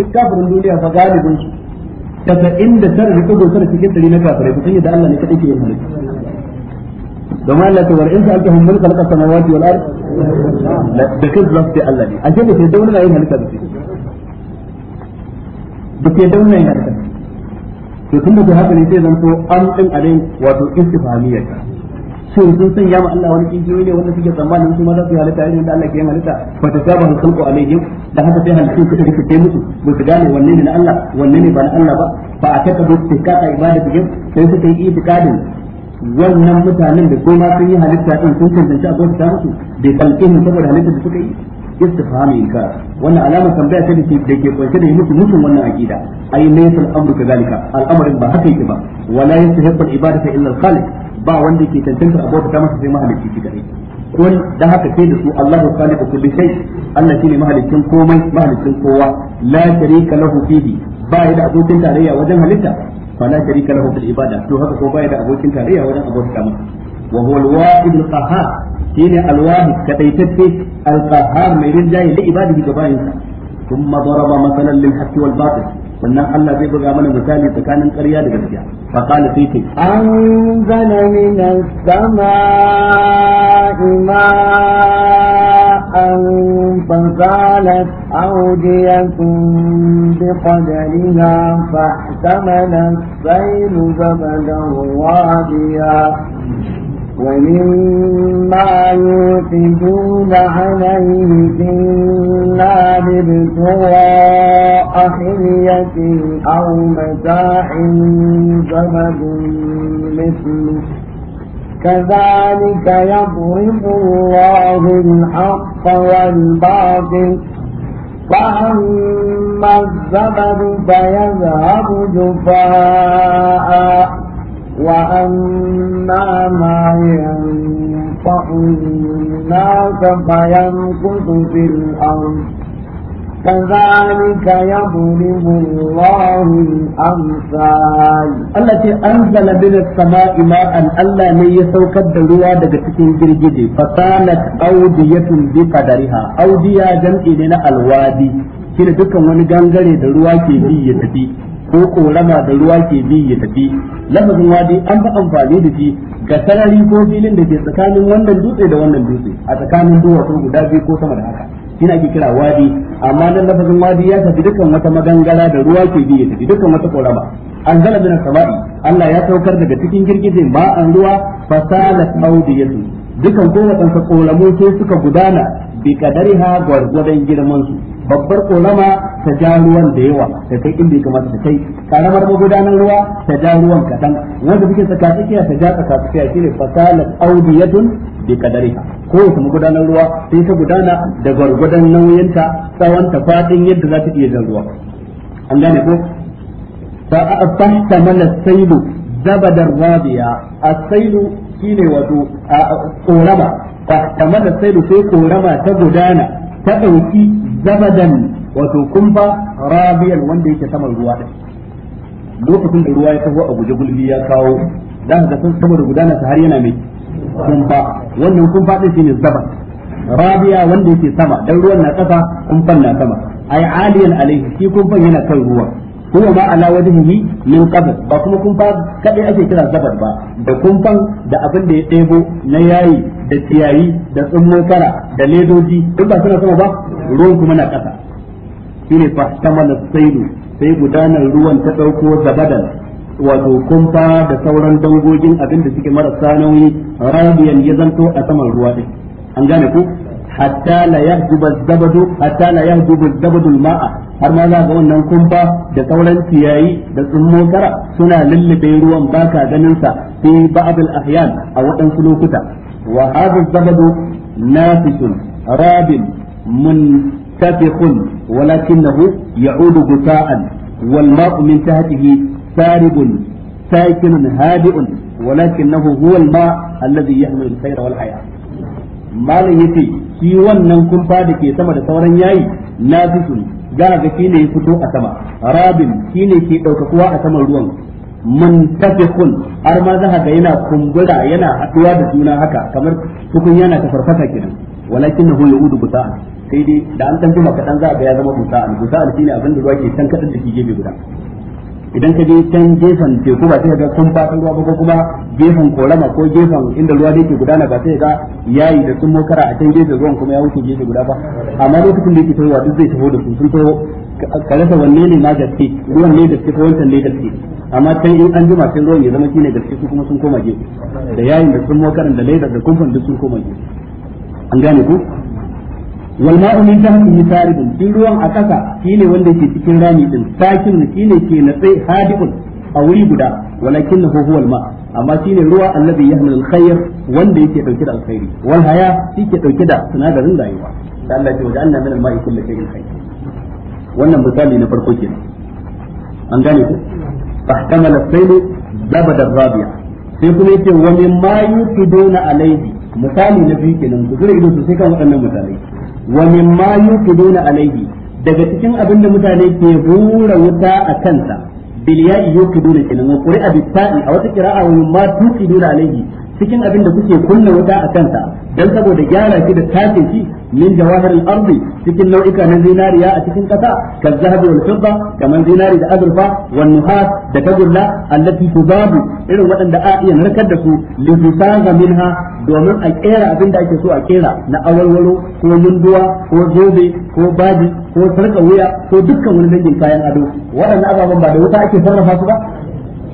duk kafirin duniya fa galibin su tasa'in da tara da kogo tara cikin ɗari na kafirai kusan yadda Allah ne kaɗai ke yin mulki domin Allah ta war'in sa'alta hun mulka na ƙasa na wati wal ar da kan za su ce Allah ne ashe ba sai daunin ayin halitta da su ba sai daunin ayin halitta to tun da haka ne sai zan so an ɗin a wato istifamiyar shin sun sanya ma Allah wani kinkiyoyi ne wanda suke tsammanin su ma za su yi halitta irin da Allah ke yin halitta ba ta saba hal khalqu alayhim da haka sai halittu suka rike sai musu ba su gane wanne ne na Allah wanne ne ba na Allah ba ba a taka duk tikaka ibadatihim sai suka yi itikadin wannan mutanen da goma sun yi halitta din sun cancanci a bauta musu da kalkin saboda halitta da suka yi istifhami inka wannan alama tambaya ce da ke kwance da musu mutum wannan akida ai laysa al-amru kadhalika al al'amarin ba haka yake ba wala yastahiqqu al-ibadata illa al-khaliq ba wanda ke tantance abota ta masa sai mahalicci shi kadai kun da haka sai da su Allahu khaliqu kulli shay Allah shine mahalicin komai mahalicin kowa la sharika lahu fihi ba ya da abokin tarayya wajen halitta fa la sharika lahu fil ibada to haka ko ba ya da abokin tarayya wajen abota ta masa wa huwa al-wahid al-qahhar shine al-wahid kadaitacce al-qahhar mai rinjaye da ibadihi gabaninsa ثم ضرب مثلا للحق والباطل sannan Allah zai buga mana misali tsakanin ƙarya da gaskiya fa qala sai ce anzala minas samaa'i ma'an fanqalat awdiyatun biqadariha fahtamala as-sayl zabadan wadiya ومما يوقدون عليه في النار ابتغاء حلية أو متاع زبد مثله كذلك يضرب الله الحق والباطل فأما الزبد فيذهب جفاء وأما ما ينفع الناس فينكث في الأرض كذلك يضرب الله الأمثال التي أنزل من السماء ماء ألا من يسوكد الروا دقتكين جلجدي فصالت أودية بقدرها أودية جمع لنا الوادي كنا دكا ونقنقري دروا كيفية تبي ko korama da ruwa ke bi ya tafi lafazin wadi an fi amfani da shi ga sarari ko filin da ke tsakanin wannan dutse da wannan dutse a tsakanin duwatsu guda biyu ko sama da haka shi ake kira wadi amma nan lafazin wadi ya tafi dukkan wata magangara da ruwa ke bi ya tafi dukkan wata korama an zala bin sama'i Allah ya saukar daga cikin girgije ma'an ruwa fasalat audiyatu dukan kowace koramu sai suka gudana bi kadariha gwargwadon girman babbar korama ta ja ruwan da yawa ta kai inda ya kamata ta kai karamar magudanar ruwa ta ja ruwan kadan wanda suke tsakiya ta ja tsakiya shine fasalat audiyatun bi kadariha wata magudanar ruwa sai ta gudana da gwargwadon nauyinta tsawon ta fadin yadda za ta iya jan ruwa an gane ko fa tahta mana sailu zabadar rabiya as-sailu shine wato korama fahtamala sai da sai korama ta gudana ta dauki zabadan wato kumfa rabiyan wanda yake saman ruwa da lokacin da ruwa ya taho a guje gulbi ya kawo dan ga san saboda gudana ta har yana mai kumfa wannan kumfa din shine zaban rabiya wanda yake sama dan ruwan na kasa kumfan na sama ai aliyan alaihi shi kumfan yana kan ruwa Kuma ma ala wajhihi min qabl ba kuma kumfa kadai ake kira zabar ba da kumfan da abin da ya ɗebo na yayi da ciyayi da tsummo kara da ledoji duk ba suna sama ba ruwan kuma na ƙasa shine fa tamala sailu sai gudanar ruwan ta dauko zabadan wato kumfa da sauran dangogin abin da suke marasa nauyi rabiyan ya zanto a saman ruwa din an gane ku hatta la yahduba zabadu hatta la yahduba zabadu ma'a har ma za ga wannan kumfa da sauran ciyayi da tsummo kara suna lullube ruwan baka ganin sa fi ba'd al ahyan a waɗansu lokuta وهذا الزبد نافس راب منتفخ ولكنه يعود غثاء والماء من تحته سارب ساكن هادئ ولكنه هو الماء الذي يحمل الخير والحياة malam yace shi wannan kumfa da ke sama da sauran yayi nafisun ga ga shine ya fito a sama rabin ne ke daukakuwa a saman ruwan muntafiqun har ma za ga yana kumbura yana haduwa da juna haka kamar tukun yana ta farfata kenan walakin nahu yaudu guta sai dai da an tantuma maka dan za ga ya zama guta busa'a shine abin da ruwa ke can kadan da ke gefe guda idan ka je can gefen teku ba sai ga sun fatan ruwa ba ko kuma gefen korama ko gefen inda ruwa yake gudana ba sai ga yayi da sun mokara a can gefen ruwan kuma ya wuce gefe guda ba amma lokacin da yake tawo duk zai tawo da sun tawo ka rasa wanne ne na gaske ruwan ne gaske ko wancan ne gaske amma kai in an jima sai ruwan ya zama shine gaske su kuma sun koma je da yayin da sun mokarin da laidar da kumfan duk sun koma je an gane ku wal ma'u min tahtihi saribun din ruwan a kasa shine wanda yake cikin rami din sakin shine ke na natsai hadibun a wuri guda walakin huwa al ma' amma shine ruwa annabi yahmil hamil alkhair wanda yake dauke da alkhairi wal haya ke dauke da sinadarin rayuwa da Allah ya ce wajen annabi min al-ma'i kullu shay'in khair wannan misali na farko kenan an gane ku fahtamala saylu zabada rabi'a sai kuma yace wa mimma yukiduna alayhi misali na biyu kenan ku zura ido sosai kan waɗannan misalai wa mimma yukiduna alayhi daga cikin abin da mutane ke hura wuta a kansa bil ya'i yukiduna kenan wa qur'a bi ta'i a wata qira'a wa mimma tukiduna alayhi cikin abin da kuke kunna wuta a kansa dan saboda gyara shi da tace shi min jawahir al-ard cikin nau'ika na zinariya a cikin kasa kan zahabi wal fidda kaman zinari da azurfa wan nuhas da tagulla allati tubabu irin waɗanda a iya narkar da su li tusaga minha domin a kera abin da ake so a kera na awalwalo ko munduwa ko zobe ko baji ko sarka wuya ko dukkan wani dangin kayan ado waɗannan ababen ba da wuta ake sarrafa su ba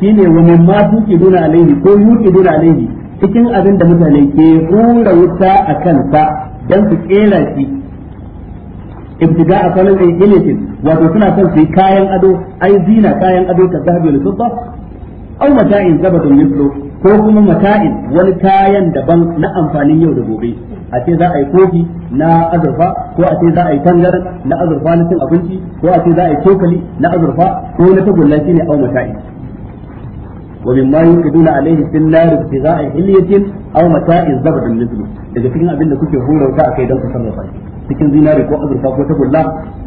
shine wa mimma tuqiduna alaihi ko yuqiduna alaihi cikin abin da mutane ke hura wuta a kansa don su kera shi ibtiga a falon ilimin wato suna son su yi kayan ado ai zina kayan ado ka zahabi wal fidda au mata'in zabatun mislu ko kuma mata'in wani kayan daban na amfanin yau da gobe a ce za a yi kofi na azurfa ko a ce za a yi tangar na azurfa na cin abinci ko a ce za a yi cokali na azurfa ko na tagulla shine au mata'in wa mimma yuqiduna alaihi fil nar ibtiza'a hilyatin aw mata'i zabadun mithlu daga cikin abin da kuke hurauta akai don ku sarrafa shi cikin zinari ko azurfa ko tagulla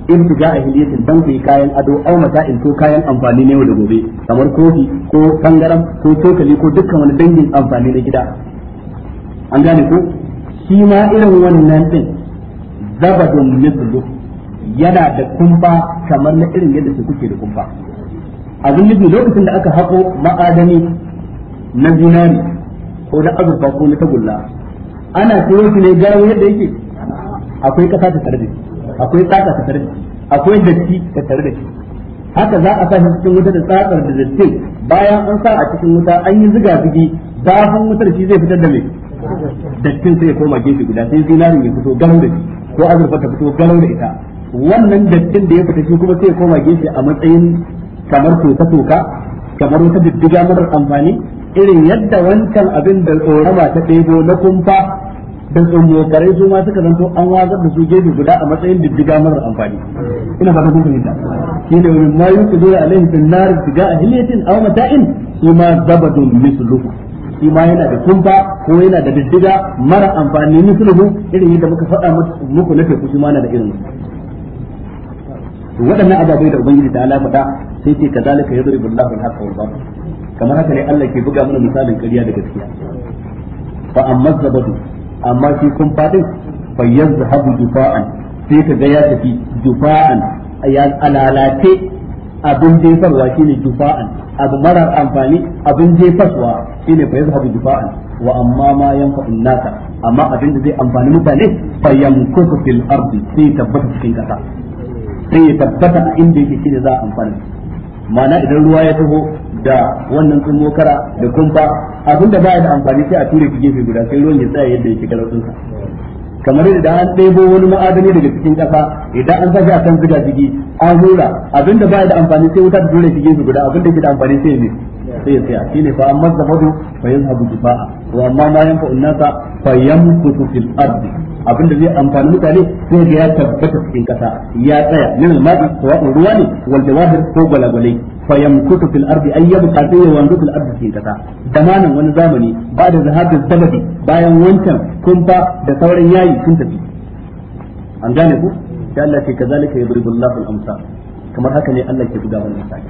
ibtiza'a hilyatin dan ku yi kayan ado aw mata'in ko kayan amfani ne da gobe kamar kofi ko tangaram ko cokali ko dukkan wani dangin amfani na gida an gane ko shi irin wannan din zabadun mithlu yana da kumfa kamar na irin yadda su kuke da kumfa abin nufi lokacin da aka haƙo ma'adani na zinari ko na azurfa ko na tagulla ana ciro shi ne gawo yadda yake akwai ƙasa ta tare da shi akwai tsaka ta tare da shi akwai datti ta tare da shi haka za a sa shi cikin wuta da tsakar da dattin bayan an sa a cikin wuta an yi ziga zigi zafin wutar shi zai fitar da mai dattin sai ya koma gefe guda sai zinarin ya fito galau da shi ko azurfa ta fito galau da ita wannan dattin da ya fita shi kuma sai ya koma gefe a matsayin kamar toka toka kamar wata diddiga marar amfani irin yadda wancan abin da tsorama ta ɗebo na kumfa da tsumokare su ma suka zanto an wazar da su gefe guda a matsayin diddiga marar amfani ina fata kun fahimta shi ne wani ma yusu dole alaihi bin nar diga a hiliyatin aw mata'in shi ma zabadun misluhu shi ma yana da kumfa ko yana da diddiga marar amfani misluhu irin yadda muka faɗa muku na teku shi ma na da irin to waɗannan ababai da ubangiji ta ala faɗa sai ce kazalika yadribu Allahu al-haqqa wal batil kamar haka ne Allah ke buga mana misalin ƙarya da gaskiya fa amma zabadu amma shi kun fadin fa yazhabu jufa'an sai ka ga ya tafi jufa'an ya alalace abin jefarwa shine jufa'an abu marar amfani abin jefarwa shine fa yazhabu jufa'an wa amma ma yanfa'un nasa amma abin da zai amfani mutane fa yamkutu fil ardi sai tabbata cikin kasa sai ya tabbata a inda yake shine za a amfana ma'ana idan ruwa ya taho da wannan tsummo kara da kumfa abinda ba ya da amfani sai a ture ki gefe guda sai ruwan ya tsaya yadda yake karatunsa kamar idan an ɗebo wani ma'adani daga cikin ƙasa idan an sashi a kan zuga jigi an hura abinda ba da amfani sai wuta ta dole shi gefe guda abinda ke da amfani sai ne sai ya a shine fa amma zabadu fa yazhabu kifa'a wa amma ma yanfa nasa fa yamkutu fil ardi abinda zai amfani mutane sai ga ya tabbata cikin ƙasa ya tsaya min al-ma'i ruwa ne wal jawahir ko gwalagwalai fa yamkutu fil ardi ay yabqa fi wanzu fil ardi cikin kasa zamanin wani zamani ba da zahabi sabadi bayan wancan kumfa da sauran yayi sun tafi an gane ku da Allah ce kazalika yadribullahu al amsal kamar haka ne Allah ke buga mana misali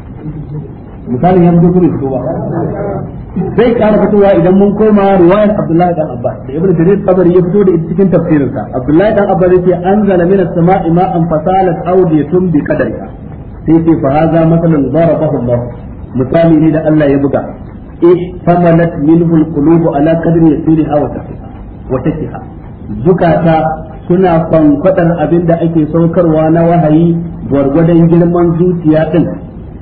misalin ya fito kuma ya fito ba zai kara fitowa idan mun koma riwayar Abdullahi dan Abbas da Ibn Jarir Tabari ya fito da cikin tafsirinsa Abdullahi dan Abbas yace anzala minas sama'i ma'an fasalat awdiyatun bi qadariha sai ce fa haza masalan darabahu Allah misali ne da Allah ya buga ihtamalat minhu alqulub ala qadri yasiriha wa taqiha wa taqiha zukata suna kwankwadar abin da ake saukarwa na wahayi gwargwadon girman zuciya din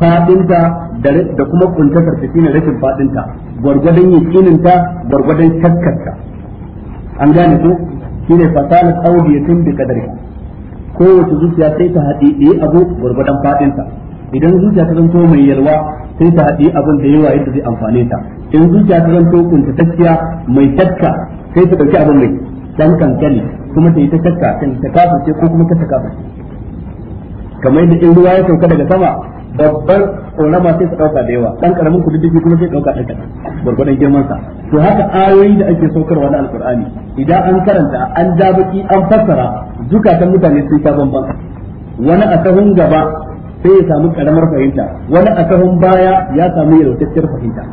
fadinta da kuma kuntatar ta shine rashin fadinta gwargwadon yakininta gwargwadon shakkarta an gane ko shine fasalat audiyatin bi qadriha kowace zuciya sai ta haɗi ɗaya abu gwargwadon faɗinsa idan zuciya ta zanto mai yalwa sai ta haɗi abin da yawa yadda zai amfane ta in zuciya ta zanto kuntatacciya mai shakka sai ta ɗauki abin mai dan kankani kuma ta yi ta shakka kan ta kafirce ko kuma ta ta kamar yadda in ruwa ya sauka daga sama babbar korama sai su dauka da yawa dan karamin kududdufi kuma sai dauka dan gurgurdan girman sa to haka ayoyi da ake saukarwa na alqur'ani idan an karanta an ja an fassara zukatan mutane sun ta bamban wani a sahun gaba sai ya samu karamar fahimta wani a sahun baya ya samu yautacciyar fahimta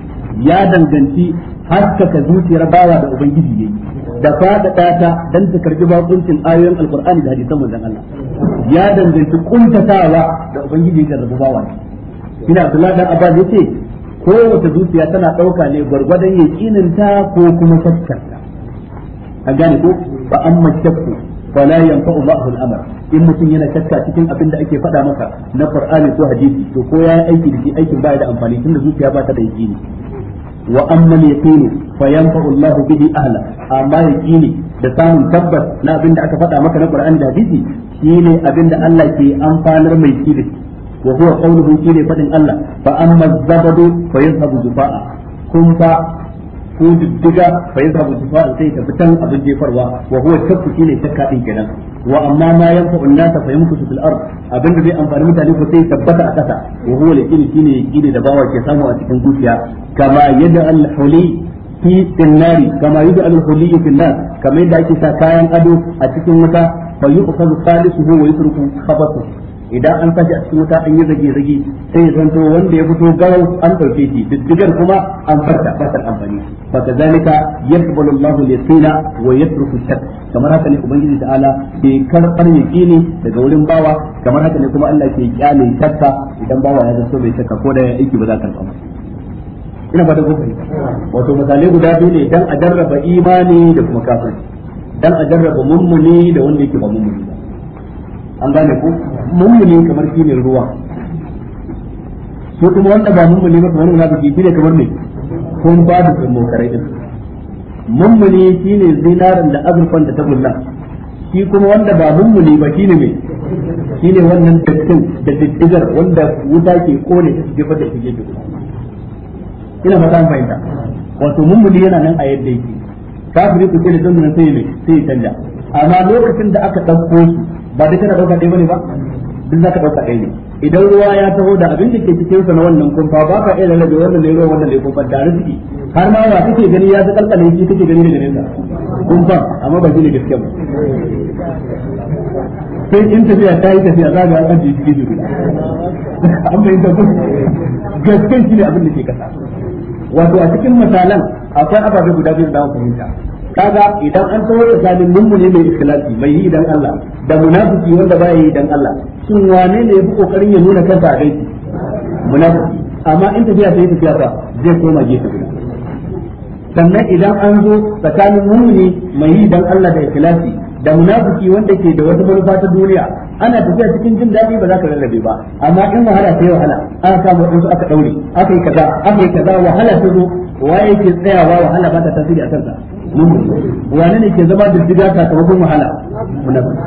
ya danganci haskaka zuciyar bawa da ubangiji yayi da fada ta dan ta karbi bakuncin ayoyin alqur'ani da hadisan manzon Allah ya danganci kuntatawa da ubangiji ya rabu bawa ina Abdullahi dan Abba yace kowace zuciya tana ɗauka ne gwargwadon yakinin ta ko kuma shakkar ta a gane ko ba amma shakku la yanfa'u Allahu al-amr in mutum yana shakka cikin abin da ake faɗa maka na Qur'ani ko hadisi to ko ya aiki da shi aikin baya da amfani tunda zuciya ba ta da yakini wa amma al-yaqin fa yanfa'u Allahu bihi ahla amma yaqini da samun tabbas na abinda aka faɗa maka na Qur'ani da hadisi shine abinda Allah ke amfanar mai shi da shi wa huwa qawluhu shine fadin Allah fa amma az-zabadu fa yadhhabu jufaa kun fa ko diddiga fa yasa bu tufa sai ta fitan abin jefarwa wa huwa shakku shine shakka din kenan wa amma ma yanfa an fa yamkusu fil ard abin da zai amfani mutane ko sai tabbata a kasa wa huwa al shine da bawa ke samu a cikin zuciya kama yadda al-huli fi sinnari kama yadda al-huli fi nas kamar yadda ake sa kayan ado a cikin wuta fa yu'khadhu khalisuhu wa yutruku khabathu idan an tashi a cikin wuta an yi zage zage sai ya zanto wanda ya fito garau an ɗauke shi diddigar kuma an farta fasar amfani fa kadhalika yaqbalu Allahu ya tsina wa yatruku shak kamar haka ne ubangiji ta'ala ke karɓar ya yaqini daga wurin bawa kamar haka ne kuma Allah ke kyale shakka idan bawa ya zanto bai shakka ko da ya aiki ba za ka karɓa ina ba da gobe wato misalai guda biyu ne dan a jarraba imani da kuma kafin. dan a jarraba mummuni da wanda yake ba mummuni ba an gane ko mummuni kamar shine ruwa su kuma wanda ba mummuni ba kamar ke shine kamar me kun ba da tsimo karai din mummuni shine zinarin da azurfan da tagulla shi kuma wanda ba mummuni ba shine me shine wannan dattin da diddigar wanda wuta ke kone ta cikin da shige duk ina fata an fahimta wato mummuni yana nan a yadda yake kafiri ku ce da zan sai me sai canja amma lokacin da aka ɗauko su ba da kana dauka dai bane ba duk zaka dauka dai ne idan ruwa ya taho da abin da ke cikin sa na wannan kumfa ba ka iya lalabe wannan ne ruwa wannan ne kumfa da rizki har ma ba kake gani ya zakalkale shi kake gani daga nesa kumfa amma ba shi ne gaskiya ba sai in tafiya ta yi tafiya za ga an ji cikin jiki an bai ta kuma gaskiya shi ne abin da ke kasa wato a cikin misalan akwai ababe guda biyu da za mu fahimta kaga idan an tawo tsakanin ne mai ikhlasi mai yi idan Allah da munafiki wanda baya yi idan Allah shin wane ne yafi kokarin ya nuna kansa a gaiti munafiki amma in tafiya ta yi tafiya ta zai koma gefe gida sannan idan an zo tsakanin mummuni mai yi idan Allah da ikhlasi da munafiki wanda ke da wata manufa ta duniya ana tafiya cikin jin daɗi ba za ka rarrabe ba amma in wahala sai wahala aka samu wasu aka ɗaure. aka yi kaza aka yi kaza wahala ta zo waye ke tsayawa wahala ba ta tasiri a kansa wane ne ke zama da diga sakamakon wahala munafiki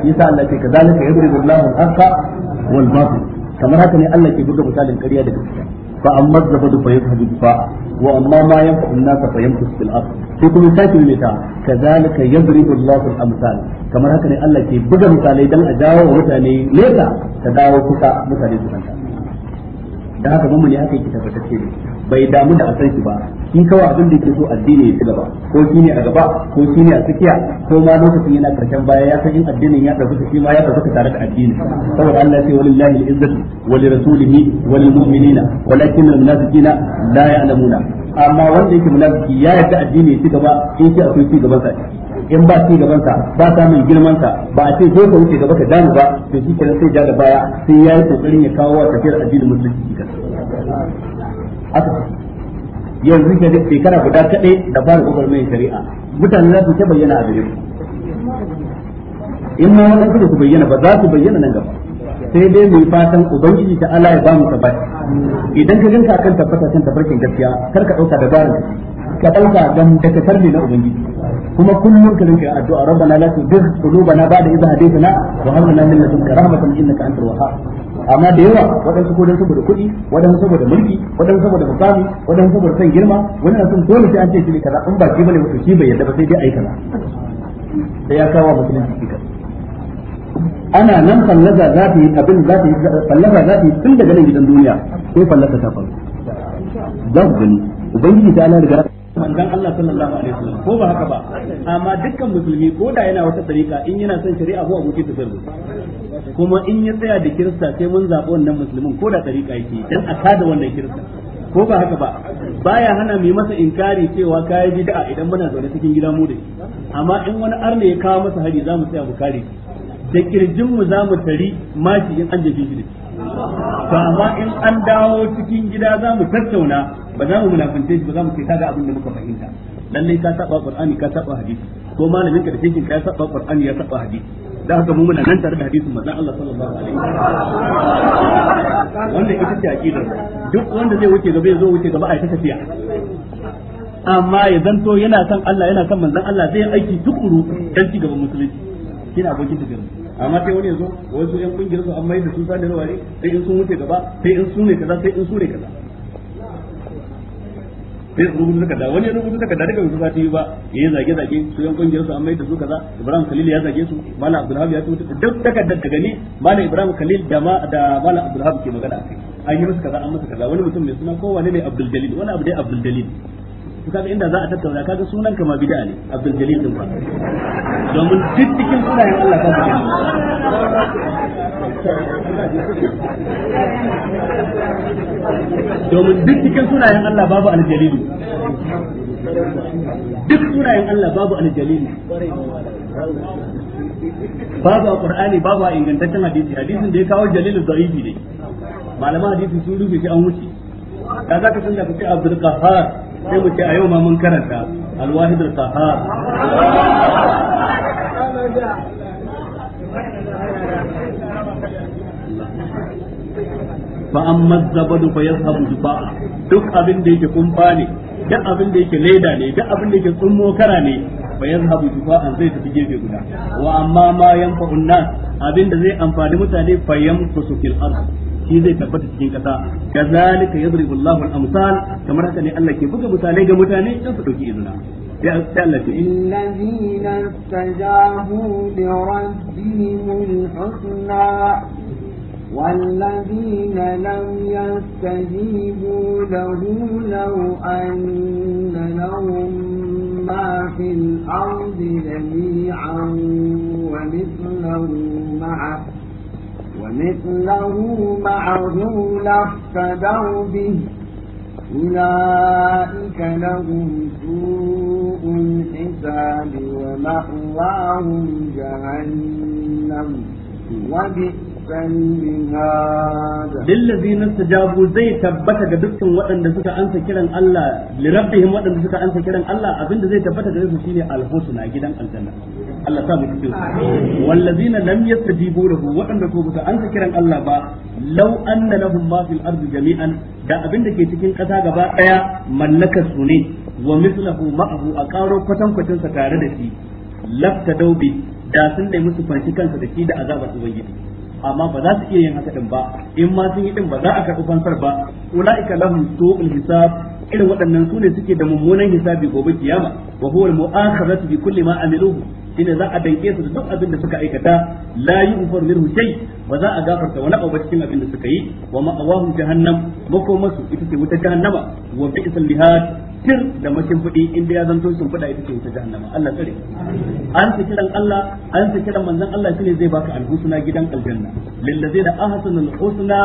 misalai ke yasa Allah ke kazalika yadribu Allahu al-haqqa wal batil kamar haka ne Allah ke buga misalin ƙarya da gaskiya fa amma zabadu fa yadhhabu fa wa amma ma yanfa'u an-nas fa yamkus fil ard sai kuma sake ne ta kazalika yadribu Allahu al-amsal kamar haka ne Allah ke buga misalai dan a jawo wa mutane nesa ka dawo kuka mutane su kanta da haka mun ne haka yake tabbatacce ne bai damu da asan shi ba shi kawai abin da ke so addini ya ci gaba ko shi ne a gaba ko shi ne a tsakiya ko ma lokacin yana karshen baya ya san in addinin ya ɗaukaka shi ma ya ɗaukaka tare da addini saboda Allah ya ce wani al-izzatu wa li rasulihi wa lil mu'minina walakin al-munafiqina la ya'lamuna amma wanda yake munafiki ya yarda addini ya ci gaba in shi akwai ci gaban sa in ba ci gaban sa ba samun girman sa ba a ce ko ka wuce gaba ka damu ba to shi kenan sai ja da baya sai ya yi kokarin ya kawo wa tafiyar addinin musulunci kika haka yanzu ke shekara guda kaɗai da fara kofar mai shari'a mutane za su ta bayyana a gare in ma wannan da su bayyana ba za su bayyana nan gaba sai dai mai fatan ubangiji ta Allah ya ba mu tabbata idan ka ganka akan tabbata kan tabarkin gaskiya kar ka dauka da barin ka dauka dan da ka tarbi na ubangiji kuma kullum ka rinka addu'a rabbana la tuzigh qulubana ba'da idh hadaytana wa hab lana min ladunka rahmatan innaka antal wahhab amma da yawa waɗansu ko dan saboda kuɗi waɗansu saboda mulki waɗansu saboda mukami waɗansu saboda son girma wani na sun dole sai an ce shi kaza in ba shi bane mutum shi bai yarda ba sai dai aikana kaza da ya kawo musulunci shi kaza ana nan fallaza za ta yi abin za ta yi fallaza za ta yi tun daga nan gidan duniya sai fallaza ta faru za ku gani ubangiji ta ana riga manzon Allah sallallahu alaihi wasallam ko ba haka ba amma dukkan musulmi ko da yana wata tariqa in yana son shari'a ko abokin tafiyar kuma in ya tsaya da kirista sai mun zaɓi wannan musulmin ko da tariqa yake dan a kada wannan kirista ko ba haka ba baya hana mu masa inkari cewa kai bid'a idan muna zaune cikin gida mu da amma in wani arne ya kawo masa hari zamu tsaya mu kare da kirjin mu zamu tari mashi in an jefe shi da shi to amma in an dawo cikin gida za mu tattauna ba za mu munafince shi ba za mu ce kaga abin da muka fahimta lallai ka saba qur'ani ka saba hadisi ko malamin ka da cikin ka saba qur'ani ya saba hadisi dan haka mu muna nan tare da hadisin manzon Allah sallallahu alaihi wasallam wannan ita ce aqidar duk wanda zai wuce gaba ya zo wuce gaba a ta tafiya amma ya zanto yana son Allah yana son manzon Allah zai yi aiki tukuru dan ci gaban musulunci kina abokin tafiyar amma sai wani wani wasu yan kungiyar su amma da su sa da ware sai in sun wuce gaba sai in su ne kaza sai in su ne kaza sai su rubuta takarda wani ya rubuta takarda daga wasu sati ba ya yi zage zage su yan kungiyar su amma da su kaza Ibrahim Khalil ya zage su Malam Abdulhab ya tuta duk takarda daga gani Malam Ibrahim Khalil da ma da Malam Abdulhab ke magana akai an yi musu kaza an musu kaza wani mutum mai suna kowa ne Abdul Jalil wani abu dai Abdul Jalil to kaga inda za a tattauna kaga sunan ka ma bid'a ne Abdul Jalil din fa domin duk cikin sunayen Allah ka bid'a domin duk cikin sunayen Allah babu Al-Jalil duk sunayen Allah babu Al-Jalil babu a Qur'ani babu a ingantaccen hadisi hadisin da ya kawo Jalil da'ifi ne malaman hadisi sun rufe shi an wuce da za ka canza ka ce abdul qahhar sai mu ce a yau ma mun karanta al-wahid al-qahhar fa amma zabadu fa yazhabu duba'a duk abin da yake kumfa ne duk abin da yake leda ne duk abin da yake tsummo kara ne fa yazhabu duba'an zai tafi gefe guda wa amma ma yanfa'un nas abin da zai amfani mutane fa yamkusu fil ardh shi zai tabbata cikin kasa kazalika yadribu Allahu al-amsal kamar haka ne Allah ke buga misalai ga mutane in su dauki izina ya Allah الذين استجابوا لربهم husna والذين لم يستجيبوا له لو أن لهم ما في الأرض جميعا ومثله معه ومثله معه لافتدوا به أولئك لهم سوء الحساب ومأواهم جهنم وبئس المهاد للذين استجابوا زي تبت دكتن وأن سكا أنسى كيران الله لربهم وأن سكا أنسى كيران الله أبن زي تبت دكتن شيني الحسنى جدا الجنة Allah sa mu cikin wallazina lam yastajibu lahu waɗanda ko bisa an ka kiran Allah ba law anna lahum ma fil ardi jami'an da abin da ke cikin kasa gaba daya mallakar su ne wa mislahu ma'ahu a ƙaro kwatan sa tare da shi lafta daubi da sun dai musu fanci kansa da shi da azabar ubangiji amma ba za su iya yin haka din ba in ma sun yi din ba za a karɓi fansar ba ulaika lahum su'ul hisab irin waɗannan su ne suke da mummunan hisabi gobe kiyama wa huwa al-mu'akhadhatu bi kulli ma amiluhu shine za a danke su da duk abin da suka aikata la yughfar minhu shay ba za a gafarta wani abu cikin abin da suka yi wa ma'awahum jahannam makomasu ita ce wuta jahannama wa bi'sal mihad tir da makin fudi inda ya zanto sun fada ita ce wuta jahannama Allah tsare an ta kiran Allah an ta kiran manzon Allah shine zai baka alhusna gidan aljanna lil ladzina ahsanul husna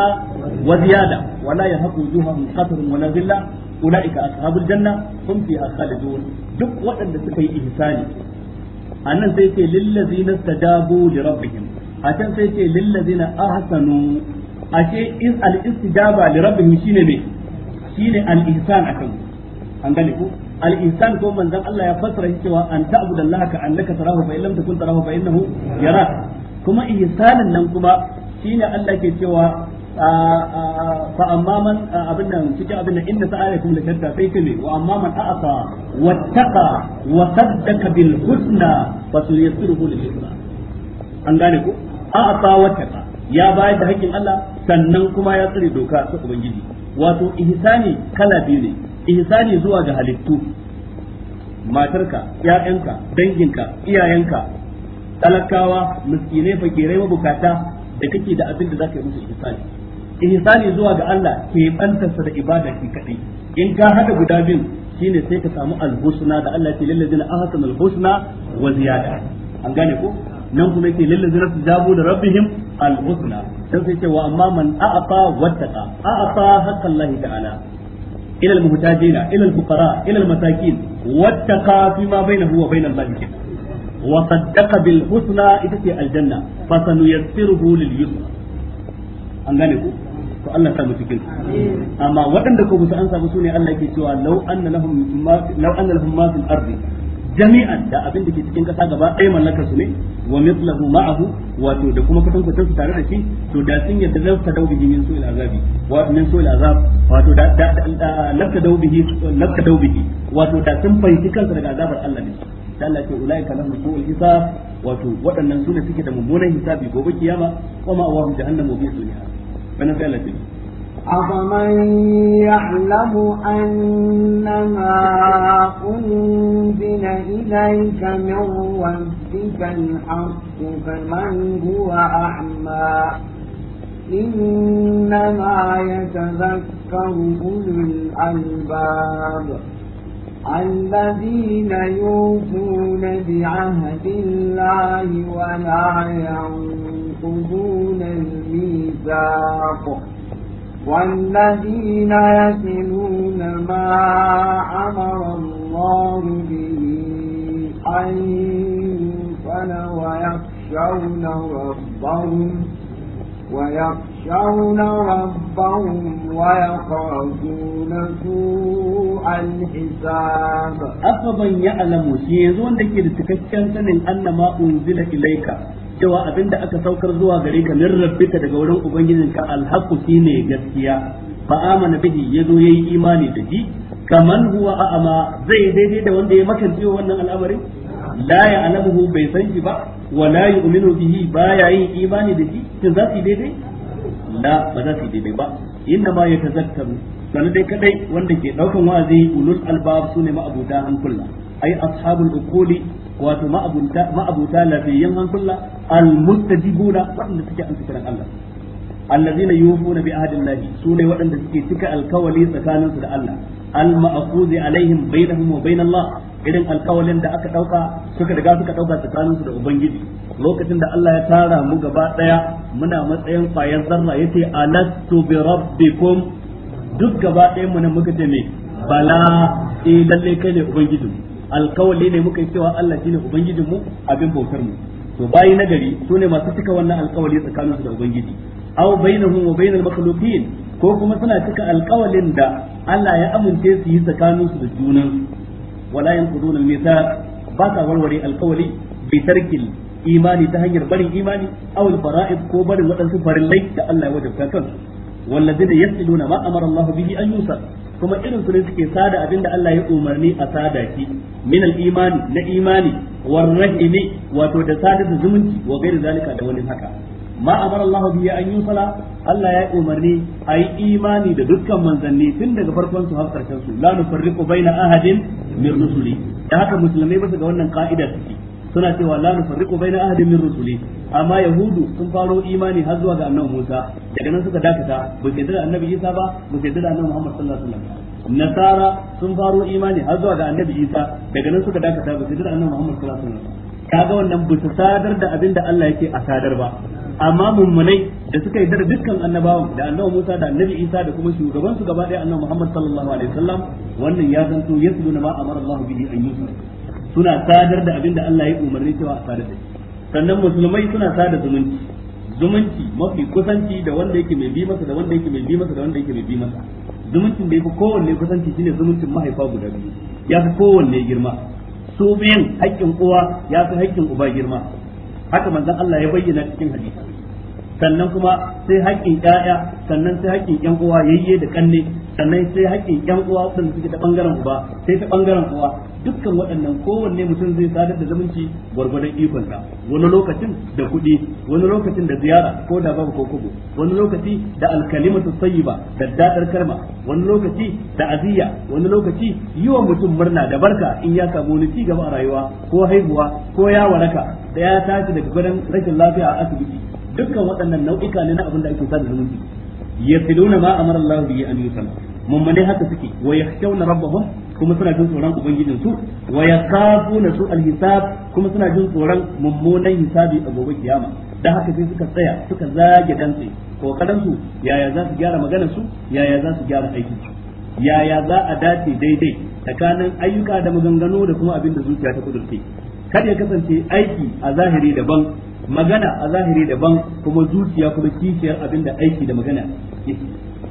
wa ziyada wa la yahqu wujuhahum qatrun wa la dhilla ulaika ashabul janna hum fiha khalidun duk waɗanda suka yi ihsani annan sai ce lillazina tajabu li rabbihim a can sai ce lillazina ahsanu ashe is al istijaba li rabbihim shine me shine al ihsan akan an gane ko al ihsan ko manzon Allah ya fassara shi cewa an ta'budallaha ka annaka tarahu fa illam takun tarahu fa innahu yarak kuma ihsanin nan kuma shine Allah ke cewa fa amma man abin nan cikin abin nan inna sa'ayakum la shatta sai ce wa amma man a'ata wattaqa wa saddaka bil husna fa suyasiruhu lil yusra an gane ko a'ata wattaqa ya bayar da hakkin Allah sannan kuma ya tsare doka ta ubangiji wato ihsani kala biyu ne ihsani zuwa ga halittu matarka ƴaƴanka danginka iyayenka talakawa miskinai fakirai mabukata da kake da abin da zaka yi musu ihsani ihsani zuwa ga Allah ke bantarsa da ibada ki kadai in ka hada guda biyun shine sai ka samu al-husna da Allah ke lillazina ahsanu al-husna wa ziyada an gane ko nan kuma yake lillazina tajabu da rabbihim al-husna dan sai ce wa amma man a'ata wattaqa a'ata haqqa Allah ta'ala ila al-muhtajin ila al-fuqara ila al-masakin wattaqa fima bainahu wa bainal malik wa saddaqa bil husna ita ce aljanna fa sanuyassiruhu lil yusra an gane ko to Allah sa mu cikin amma waɗanda ko musu ansa ba sune Allah yake cewa law anna lahum ma law anna lahum ma fil ardi jami'an da abin da ke cikin kasa gaba ɗaya mallakar su ne wa mithlahu ma'ahu wato da kuma fatan kwatan su tare da shi to da sun yadda za ta daubi min su'il azabi wa min su'il azab wato da da lafta daubihi lafta daubihi wato da sun fahimci kansa daga azabar Allah ne da Allah ce ulaika lahum su'ul hisab wato waɗannan su ne suke da mummunan hisabi gobe kiyama kuma awahum jahannamu bi su'il wannan sai Allah ya أفمن يعلم أنما أنزل إليك من ربك الحق فمن هو أعمى إنما يتذكر أولو الألباب الذين يوفون بعهد الله ولا ينقضون الميثاق والذين يصلون ما أمر الله به أن يوصل ويخشون ربهم ويخشون ربهم ويخافون سوء الحساب أفمن يعلم سيزون لك لتكشن سنن أن ما أنزل إليك cewa abin da aka saukar zuwa gare ka min daga wurin ubangijinka alhaqu shine gaskiya fa amana bihi yazo yayi imani da shi kaman huwa a'ama zai daidai da wanda ya makance wannan al'amarin la ya'lamuhu bai san shi ba wa la yu'minu bihi baya yin imani da shi kin za su daidai la ba za su daidai ba inna ma yatazakkaru dan dai kadai wanda ke daukan wa'azi ulul albab sune ma'abuta hankula ai ashabul uquli wato ma'abuta ma'abuta lafiyan hankula almustajibuna wanda suke an kiran Allah allazina yufuna bi ahdillahi sune waɗanda suke cika alkawali tsakaninsu da Allah al-ma'quzi alaihim bainahum wa bain Allah irin alƙawalin da aka dauka suka riga suka dauka tsakanin su da ubangiji lokacin da Allah ya tara mu gaba daya muna matsayin kwayar zarra yace alastu bi rabbikum duk gaba daya mu ne muka ce me bala eh lalle kai ne ubangijin alƙawali ne muka yi cewa Allah shine ubangijin mu abin bautar mu to bayi nagari sune masu cika wannan alkawali tsakanin su da ubangiji aw bainahum wa bainal makhluqin ko kuma suna cika alƙawalin da Allah ya amince su yi tsakanin su da junan wala yanquduna al-mithaq ba ta warware alƙawali bi tarkil imani ta hanyar barin imani aw al-fara'id ko barin wadansu farillai da Allah ya wajabta kansu walladina yasiluna ma amara Allah bihi an yusa kuma irin su ne suke sada abinda Allah ya umarni a sada shi min al-imani na imani warrahimi wato da sada zumunci wa gairi zalika da wani haka ma amara Allah bi an yusala Allah ya umarni ai imani da dukkan manzanni tun daga farkon su har karshen su la nufarriqu baina ahadin min rusuli da haka musulmai su ga wannan ka'ida suke suna cewa la nufarriqu baina ahadin min rusuli amma yahudu sun faro imani har zuwa ga annabi Musa daga nan suka dakata ba su da annabi Isa ba ba su da annabi Muhammad sallallahu alaihi wasallam nasara sun faro imani har zuwa ga annabi Isa daga nan suka dakata ba su da annabi Muhammad sallallahu alaihi wasallam kaga wannan bisa sadar da abin da Allah yake a sadar ba amma mummunai da suka yi dare dukkan annabawan da annabi Musa da annabi Isa da kuma shugaban su gaba daya annabi Muhammad sallallahu alaihi wasallam wannan ya zanto yasduna ma amara Allah bihi an yusa suna sadar da abin da Allah ya umarni cewa a sadar da sannan musulmai suna sada zumunci zumunci mafi kusanci da wanda yake mai bi masa da wanda yake mai bi masa da wanda yake mai bi masa zumuncin da yafi kowanne kusanci shine zumuncin mahaifa guda biyu ya fi kowanne girma su biyan haƙƙin uwa ya fi haƙƙin uba girma haka manzon Allah ya bayyana cikin hadisi sannan kuma sai haƙƙin ƴaƴa sannan sai haƙƙin ƴan uwa yayye da kanne sannan sai haƙƙin yan uwa waɗanda suke ta ɓangaren uba sai ta ɓangaren uwa dukkan waɗannan kowanne mutum zai sadar da zumunci gwargwadon ikonsa wani lokacin da kuɗi wani lokacin da ziyara ko da babu ko kubu wani lokaci da alkalimatu ba da daɗar karma wani lokaci da aziya wani lokaci yi wa mutum murna da barka in ya samu wani ci gaba a rayuwa ko haihuwa ko ya waraka da ya tashi daga gwadon rashin lafiya a asibiti dukkan waɗannan nau'ika ne na abin da ake sadar zumunci yasiluna ma amara Allah bihi an yusalla mummune haka suke wa yakhshawna rabbahum kuma suna jin tsoron ubangijin su wa yakhafuna su alhisab kuma suna jin tsoron mummunan hisabi a gobe kiyama dan haka sai suka tsaya suka zage dantse kokarin su yaya za su gyara maganar su yaya za su gyara aikin su yaya za a dace daidai tsakanin ayyuka da maganganu da kuma abin da zuciya ta kudurce kada ya kasance aiki a zahiri daban magana a zahiri daban kuma zuciya kuma kishiyar abin da aiki da magana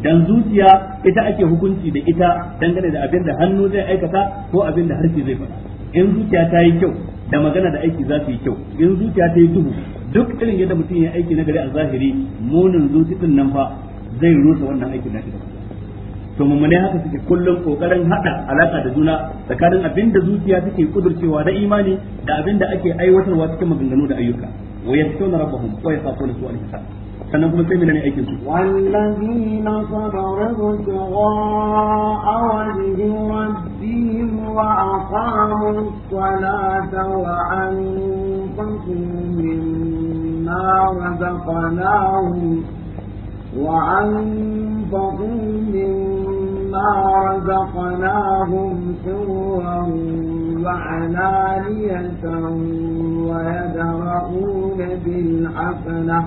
dan zuciya ita ake hukunci da ita dangane da abin da hannu zai aikata ko abin da harshe zai faɗa in zuciya ta yi kyau da magana da aiki za su yi kyau in zuciya ta yi tuhu duk irin yadda mutum ya aiki na gari a zahiri munin zuciyar nan fa zai rusa wannan aikin nashi to mummune haka suke kullum kokarin hada alaka da juna tsakanin abin da zuciya take kudurcewa da imani da abin da ake aiwatarwa cikin maganganu da ayyuka wa yastawna rabbahum wa yaquluna su'al sannan kuma sai mene ne aikin su wallazina sabaru tu'a wajhi rabbihim wa aqamu salata wa anfaqu mimma razaqnahum وأنفقوا مما رزقناهم سرا وعلانية ويدرؤون بالحسنة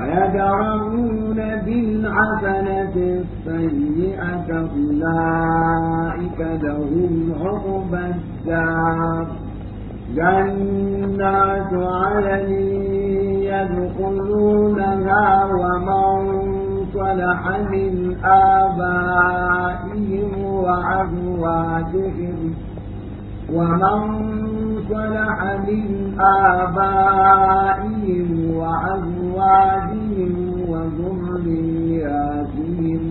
ويدرؤون بالحسنة السيئة أولئك لهم عقبى الدار جنات عدن يدخلونها ومن صلح من آبائهم وأزواجهم ومن صلح من آبائهم وأزواجهم وذرياتهم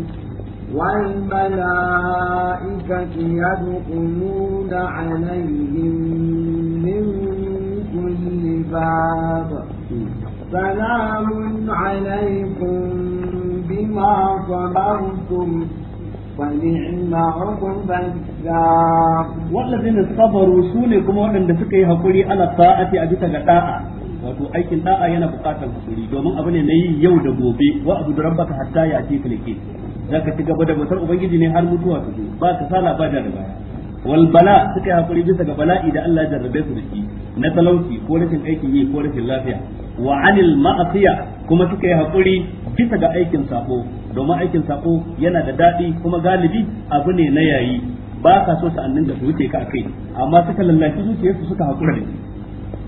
والملائكة يدخلون عليهم من كل باب سلام عليكم بما صبرتم فنعم عقب الدار والذين صبروا سوني كما وعند سكي هقولي على الطاعة أجيك غطاء wato aikin da'a yana bukatar hakuri domin abu ne na yi yau da gobe wa abu da rabbaka hatta ya ci filike zaka ci gaba da bautar ubangiji ne har mutuwa ta zo ba ka sala ba da baya bala suka yi hakuri bisa ga bala'i da Allah jarrabe su da na talauci ko rashin aikin yi ko rashin lafiya wa anil ma'asiya kuma suka yi hakuri bisa ga aikin sako domin aikin sako yana da daɗi kuma galibi abu ne na yayi ba ka so annin da su wuce ka kai amma suka lallaci zuciyarsu suka haƙura da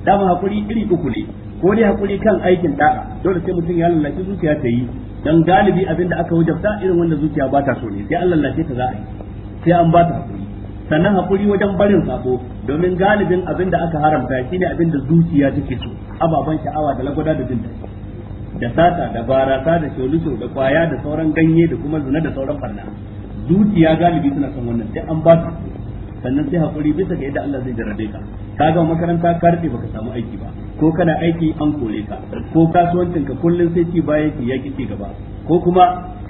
dama haƙuri iri uku ne ko dai haƙuri kan aikin da'a dole sai mutum ya lallaci zuciya ta yi dan galibi abin da aka wajabta irin wanda zuciya ba ta so ne sai an lallace ta za a yi sai an ba ta haƙuri sannan haƙuri wajen barin sako domin galibin abin da aka haramta shine abin da zuciya take so ababan sha'awa da lagwada da jin daɗi da sata da barasa da sholusho da kwaya da sauran ganye da kuma zina da sauran farna zuciya galibi suna son wannan sai an ba su sannan sai hakuri bisa ga yadda Allah zai jarrabe ka ka ga makaranta ka rufe baka samu aiki ba ko kana aiki an kore ka ko kasuwancin ka kullun sai ci baya ki ya kici gaba ko kuma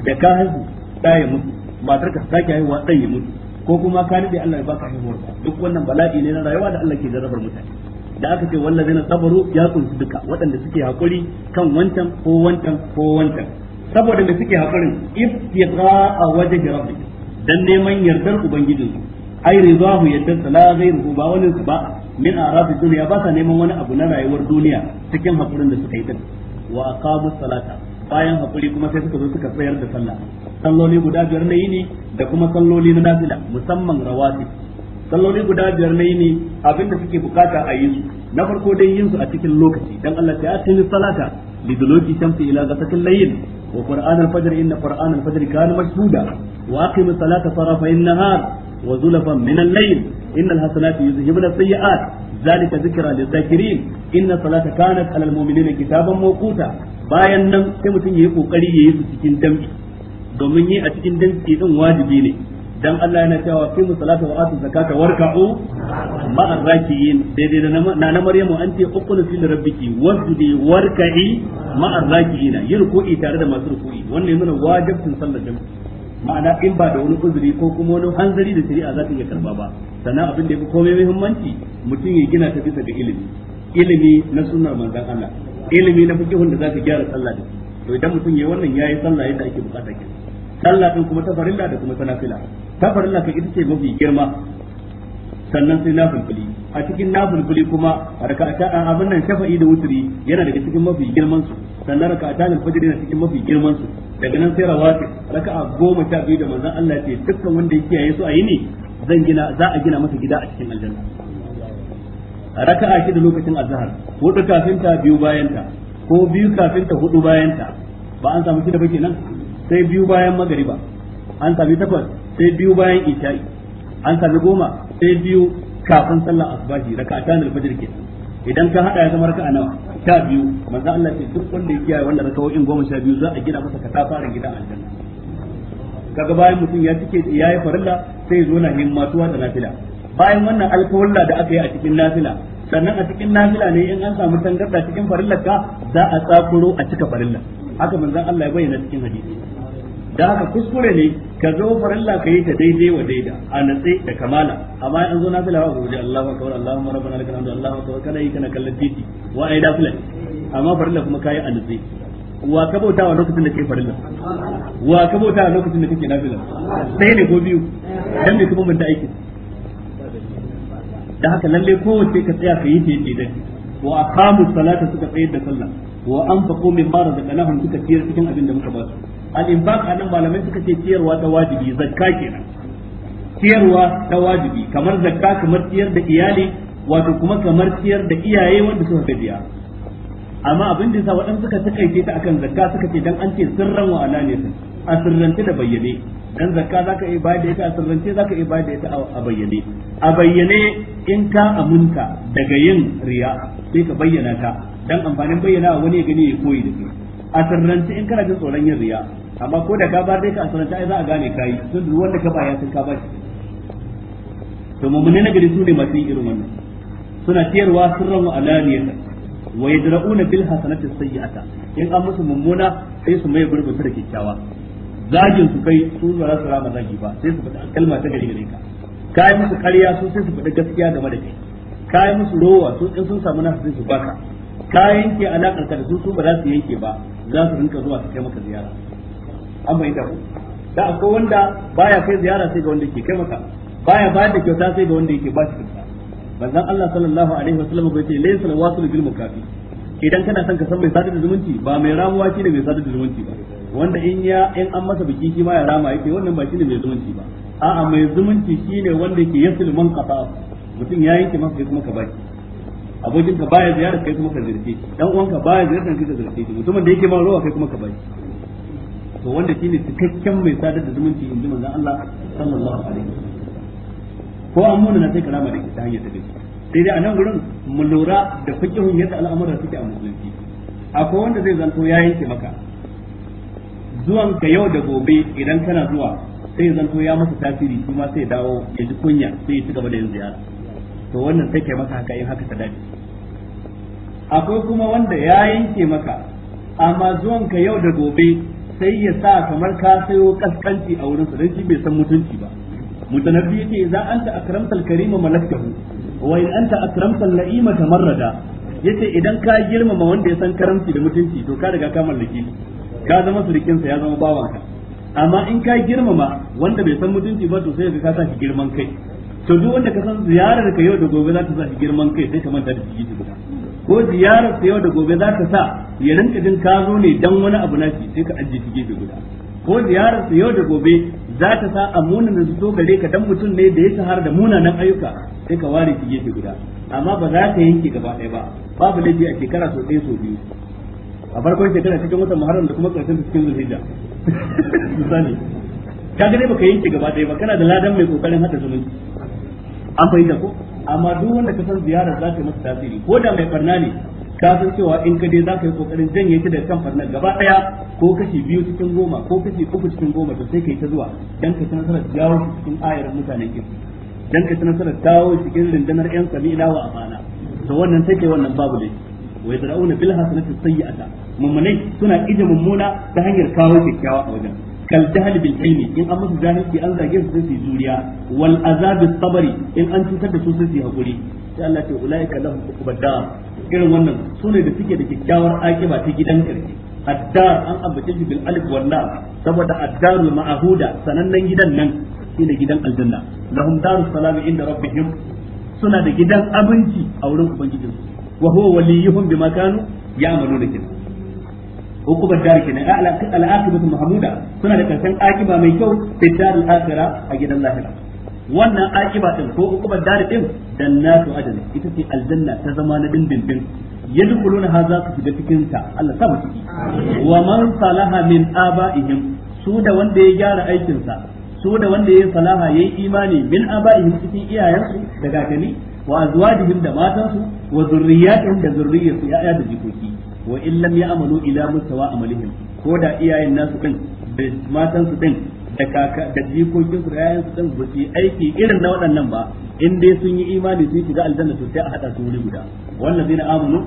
da ka haihu da ya mutu matar ka sake haihuwa dan ya mutu ko kuma ka rufe Allah ya baka haihuwa ba duk wannan bala'i ne na rayuwa da Allah ke jarrabar mutane da aka ce na sabaru ya kunsu duka waɗanda suke hakuri kan wancan ko wancan ko wancan saboda da suke if ya a waje da rabbi dan neman yardar ubangijinsu ai ridahu yadda la ghayruhu ba wani ba min arabi duniya ba sa neman wani abu na rayuwar duniya cikin hakurin da suka yi din wa aqamu salata bayan hakuri kuma sai suka zo suka tsayar da sallah salloli guda biyar na yini da kuma salloli na nafila musamman rawatib salloli guda biyar na abin abinda suke bukata a yi su na farko dai yin su a cikin lokaci dan Allah ta yi salata liduluki shamsi ila ghasaqil layl wa qur'an al-fajr inna qur'an al-fajr kana mashhuda wa aqim salata tarafa an-nahar wa zulfan min al-layl inna al-hasanati yuzhibna as-sayyi'at ذلك ذكرى inna salata الصلاه كانت على المؤمنين كتابا موقوتا bayan nan sai mutum yayi kokari yayi su cikin dambi domin yi a cikin dambi din wajibi ne dan Allah yana cewa fi musallata wa atu zakata warka'u ma'ar raki'in daidai da na na Maryamu an ce uqulu fil rabbiki wasjudi warka'i ma'ar raki'ina yi tare da masu ruku'i wannan yana wajibcin sallar jami'i ma'ana in ba da wani uzuri ko kuma wani hanzari da shari'a za ta iya karba ba sannan abin da ya fi komai muhimmanci mutum ya gina ta bisa ga ilimi ilimi na sunnar manzon Allah ilimi na fiqhun da za ka gyara sallah da to idan mutum yayi wannan yayi sallah yadda ake bukata ke sallah din kuma ta farilla da kuma ta nafila ta farilla ita ce mafi girma sannan sai nafulfuli a cikin nafulfuli kuma raka'ata a abin nan shafa'i da wuturi yana daga cikin mafi girman su sannan raka'ata da fajr yana cikin mafi girman su daga nan sai rawati raka'a goma sha biyu da manzon Allah ya ce dukkan wanda ya kiyaye su a ne zan gina za a gina masa gida a cikin aljanna raka'a shi da lokacin azhar hudu kafin ta biyu bayan ta ko biyu kafin ta hudu bayan ta ba an samu shi da ba kenan sai biyu bayan magariba an sami takwas sai biyu bayan isha'i an sami goma sai biyu kafin sallar asbahi raka'atan al-fajr ke idan ka haɗa ya zama raka'a nawa sha biyu manzo Allah ce duk wanda ya kiyaye wannan raka'o'in goma sha biyu za a gina masa katafaren gidan aljanna kaga bayan mutum ya cike yayi farilla sai zo na himmatuwa da nafila bayan wannan alkawalla da aka yi a cikin nafila sannan a cikin nafila ne in an samu tangarda cikin farillar ka za a tsakuro a cika farillar haka manzon Allah ya bayyana cikin hadisi da haka kuskure ne ka zo farilla ka yi ta daidai wa daida a natsi da kamala amma an zo na fila ba gobe Allahu akbar Allahumma rabbana lakal hamdu Allahu akbar kana yi kana kallon titi wa ai dafila amma farilla kuma ka yi a natsi wa ka bauta wa lokacin da kai farilla wa ka bauta wa lokacin da kake nafila sai ne ko biyu dan me kuma mun ta aiki da haka lalle kowace ka tsaya ka yi ta daidai wa aqamu salata suka tsayar da sallah wa anfaqu mimma razaqnahum suka tiyar cikin abin da muka ba su al-infaq anan malamai suka ce ciyarwa ta wajibi zakka kenan ciyarwa ta wajibi kamar zakka kamar ciyar da iyali wato kuma kamar ciyar da iyaye wanda suka gajiya amma abin da yasa waɗansu suka takaice ta akan zakka suka ce dan an ce sirran wa alaniyatin a sirrance da bayyane dan zakka zaka iya bayar da ita a sirrance zaka iya bayar da ita a bayyane a bayyane in ka aminta daga yin riya sai ka bayyana ta dan amfanin bayyana wani ya gani ya koyi da shi a sirrance in kana jin tsoron yin riya amma ko da ka ba dai ka asirance ai za a gane kai tun da wanda ka ba ya san ka ba shi to mummune na gari su ne masu irin wannan suna tiyarwa sirran wa alaniyatan wa yadra'una bil hasanati sayyi'ata in an musu mummuna sai su mai gurbin da kikkiawa zagin su kai su ba za su rama zagi ba sai su faɗi kalma ta gari gare ka ka yi musu ƙarya su sai su faɗi gaskiya game da kai ka yi musu rowa su in sun samu nasu sai su baka ka yanke alakar ka da su su ba za su yanke ba za su rinka zuwa su kai maka ziyara an bai da ku da akwai wanda baya kai ziyara sai ga wanda ke kai maka baya bayar da kyauta sai ga wanda yake ba shi kyauta manzon Allah sallallahu alaihi wasallam bai ce laysa alwasul bil mukafi idan kana son ka san mai sadar da zumunci ba mai ramuwa shi ne mai sadar da zumunci ba wanda in ya in an masa biki shi ma ya rama yake wannan ba shi ne mai zumunci ba a'a mai zumunci shine wanda yake yasul man qata mutum ya yanke maka sai kuma ka baki abokin ka baya ziyara kai kuma ka zirce dan uwanka baya ziyara kai ka zirce shi mutumin da yake ma rowa kai kuma ka bai to wanda shine cikakken mai sadar da zumunci inji manzon Allah sallallahu alaihi wasallam ko an muna na sai karama da ita hanyar ta gaske sai dai a nan gurin mu lura da fiqhun yadda al'amuran suke a musulunci akwai wanda zai zanto ya yanke maka zuwan ka yau da gobe idan kana zuwa sai zanto ya masa tasiri kuma sai dawo ya ji kunya sai ya ci gaba da yin ziyara to wannan take maka haka yin haka ta dace akwai kuma wanda ya yanke maka amma zuwan ka yau da gobe sai ya sa kamar ka sayo kaskanci a wurin don shi bai san mutunci ba mutanabi yake za anta akramtal karima malakahu wa in anta akramtal la'ima tamarrada yace idan ka girmama wanda ya san karamci da mutunci to ka riga ka mallake ka zama surikin sa ya zama bawanka amma in ka girmama wanda bai san mutunci ba to sai ka sa shi girman kai to duk wanda ka san ziyarar ka yau da gobe za ta sa girman kai sai ka manta da jiki guda ko ziyarar ka yau da gobe za ta sa ya rinka jin ka zo ne dan wani abu na shi sai ka ajiye shi gefe guda ko ziyarar ka yau da gobe za ta sa a munan da zo gare ka dan mutum ne da ya sahar da munanan ayyuka sai ka ware shi gefe guda amma ba za ka yanke gaba ɗaya ba babu laifi a shekara so ɗaya so biyu a farkon shekara cikin watan muharram da kuma ƙarshen da cikin zulhijja misali ka ga dai baka yanke gaba ɗaya ba kana da ladan mai kokarin hada zumunci an fahimta ko amma duk wanda ka san ziyarar za ta yi masa tasiri ko da mai barna ne ka san cewa in ka dai za ka yi kokarin janye shi daga kan farnar gaba daya ko kashi biyu cikin goma ko kashi uku cikin goma to sai ka yi ta zuwa dan ka ci nasarar jawo shi cikin ayar mutanen ki dan ka ci nasarar dawo cikin rundunar yan sami'ila wa amana to wannan sai wannan babu dai da rauna bil hasanati sayyi'ata mummunai suna ije mummuna ta hanyar kawo kyakkyawa a wajen kal jahl bil ilmi in an musu jahilci an zage su sai su juriya wal azab sabari in an cutar da su sai su hakuri sai Allah ce ulaika lahum uqubadda irin wannan sune da suke da kyakkyawar akiba ta gidan karshe addar an ambace shi bil alif wal lam saboda addarul ma'ahuda sanannen gidan nan shine gidan aljanna lahum darus salam inda rabbihim suna da gidan abinci a wurin ubangijinsu wa huwa waliyuhum bima kanu ya'maluna kin عقوبة الدار كنا suna da سنة لكرسان mai kyau كو في الدار الآخرة أجد الله لك wannan akiba din ko ukubar dare din jannatu adn ita ce aljanna ta zama na dindindin yadkhuluna ha za su shiga cikin ta Allah sa mu ciki wa man salaha min abaihim su da wanda ya gyara aikin sa su da wanda ya salaha yayi imani min abaihim cikin iyayensu daga gagani wa azwajihim da matansu wa zurriyatihim da zurriyyarsu ya'ya da jikoki wa in lam ya'malu ila mutawa amalihim ko da iyayen nasu din da matan su din da kaka da jikokin su da yayan su din ba su aiki irin na waɗannan ba in dai sun yi imani sun shiga aljanna to sai a hada su wuri guda wallazina amanu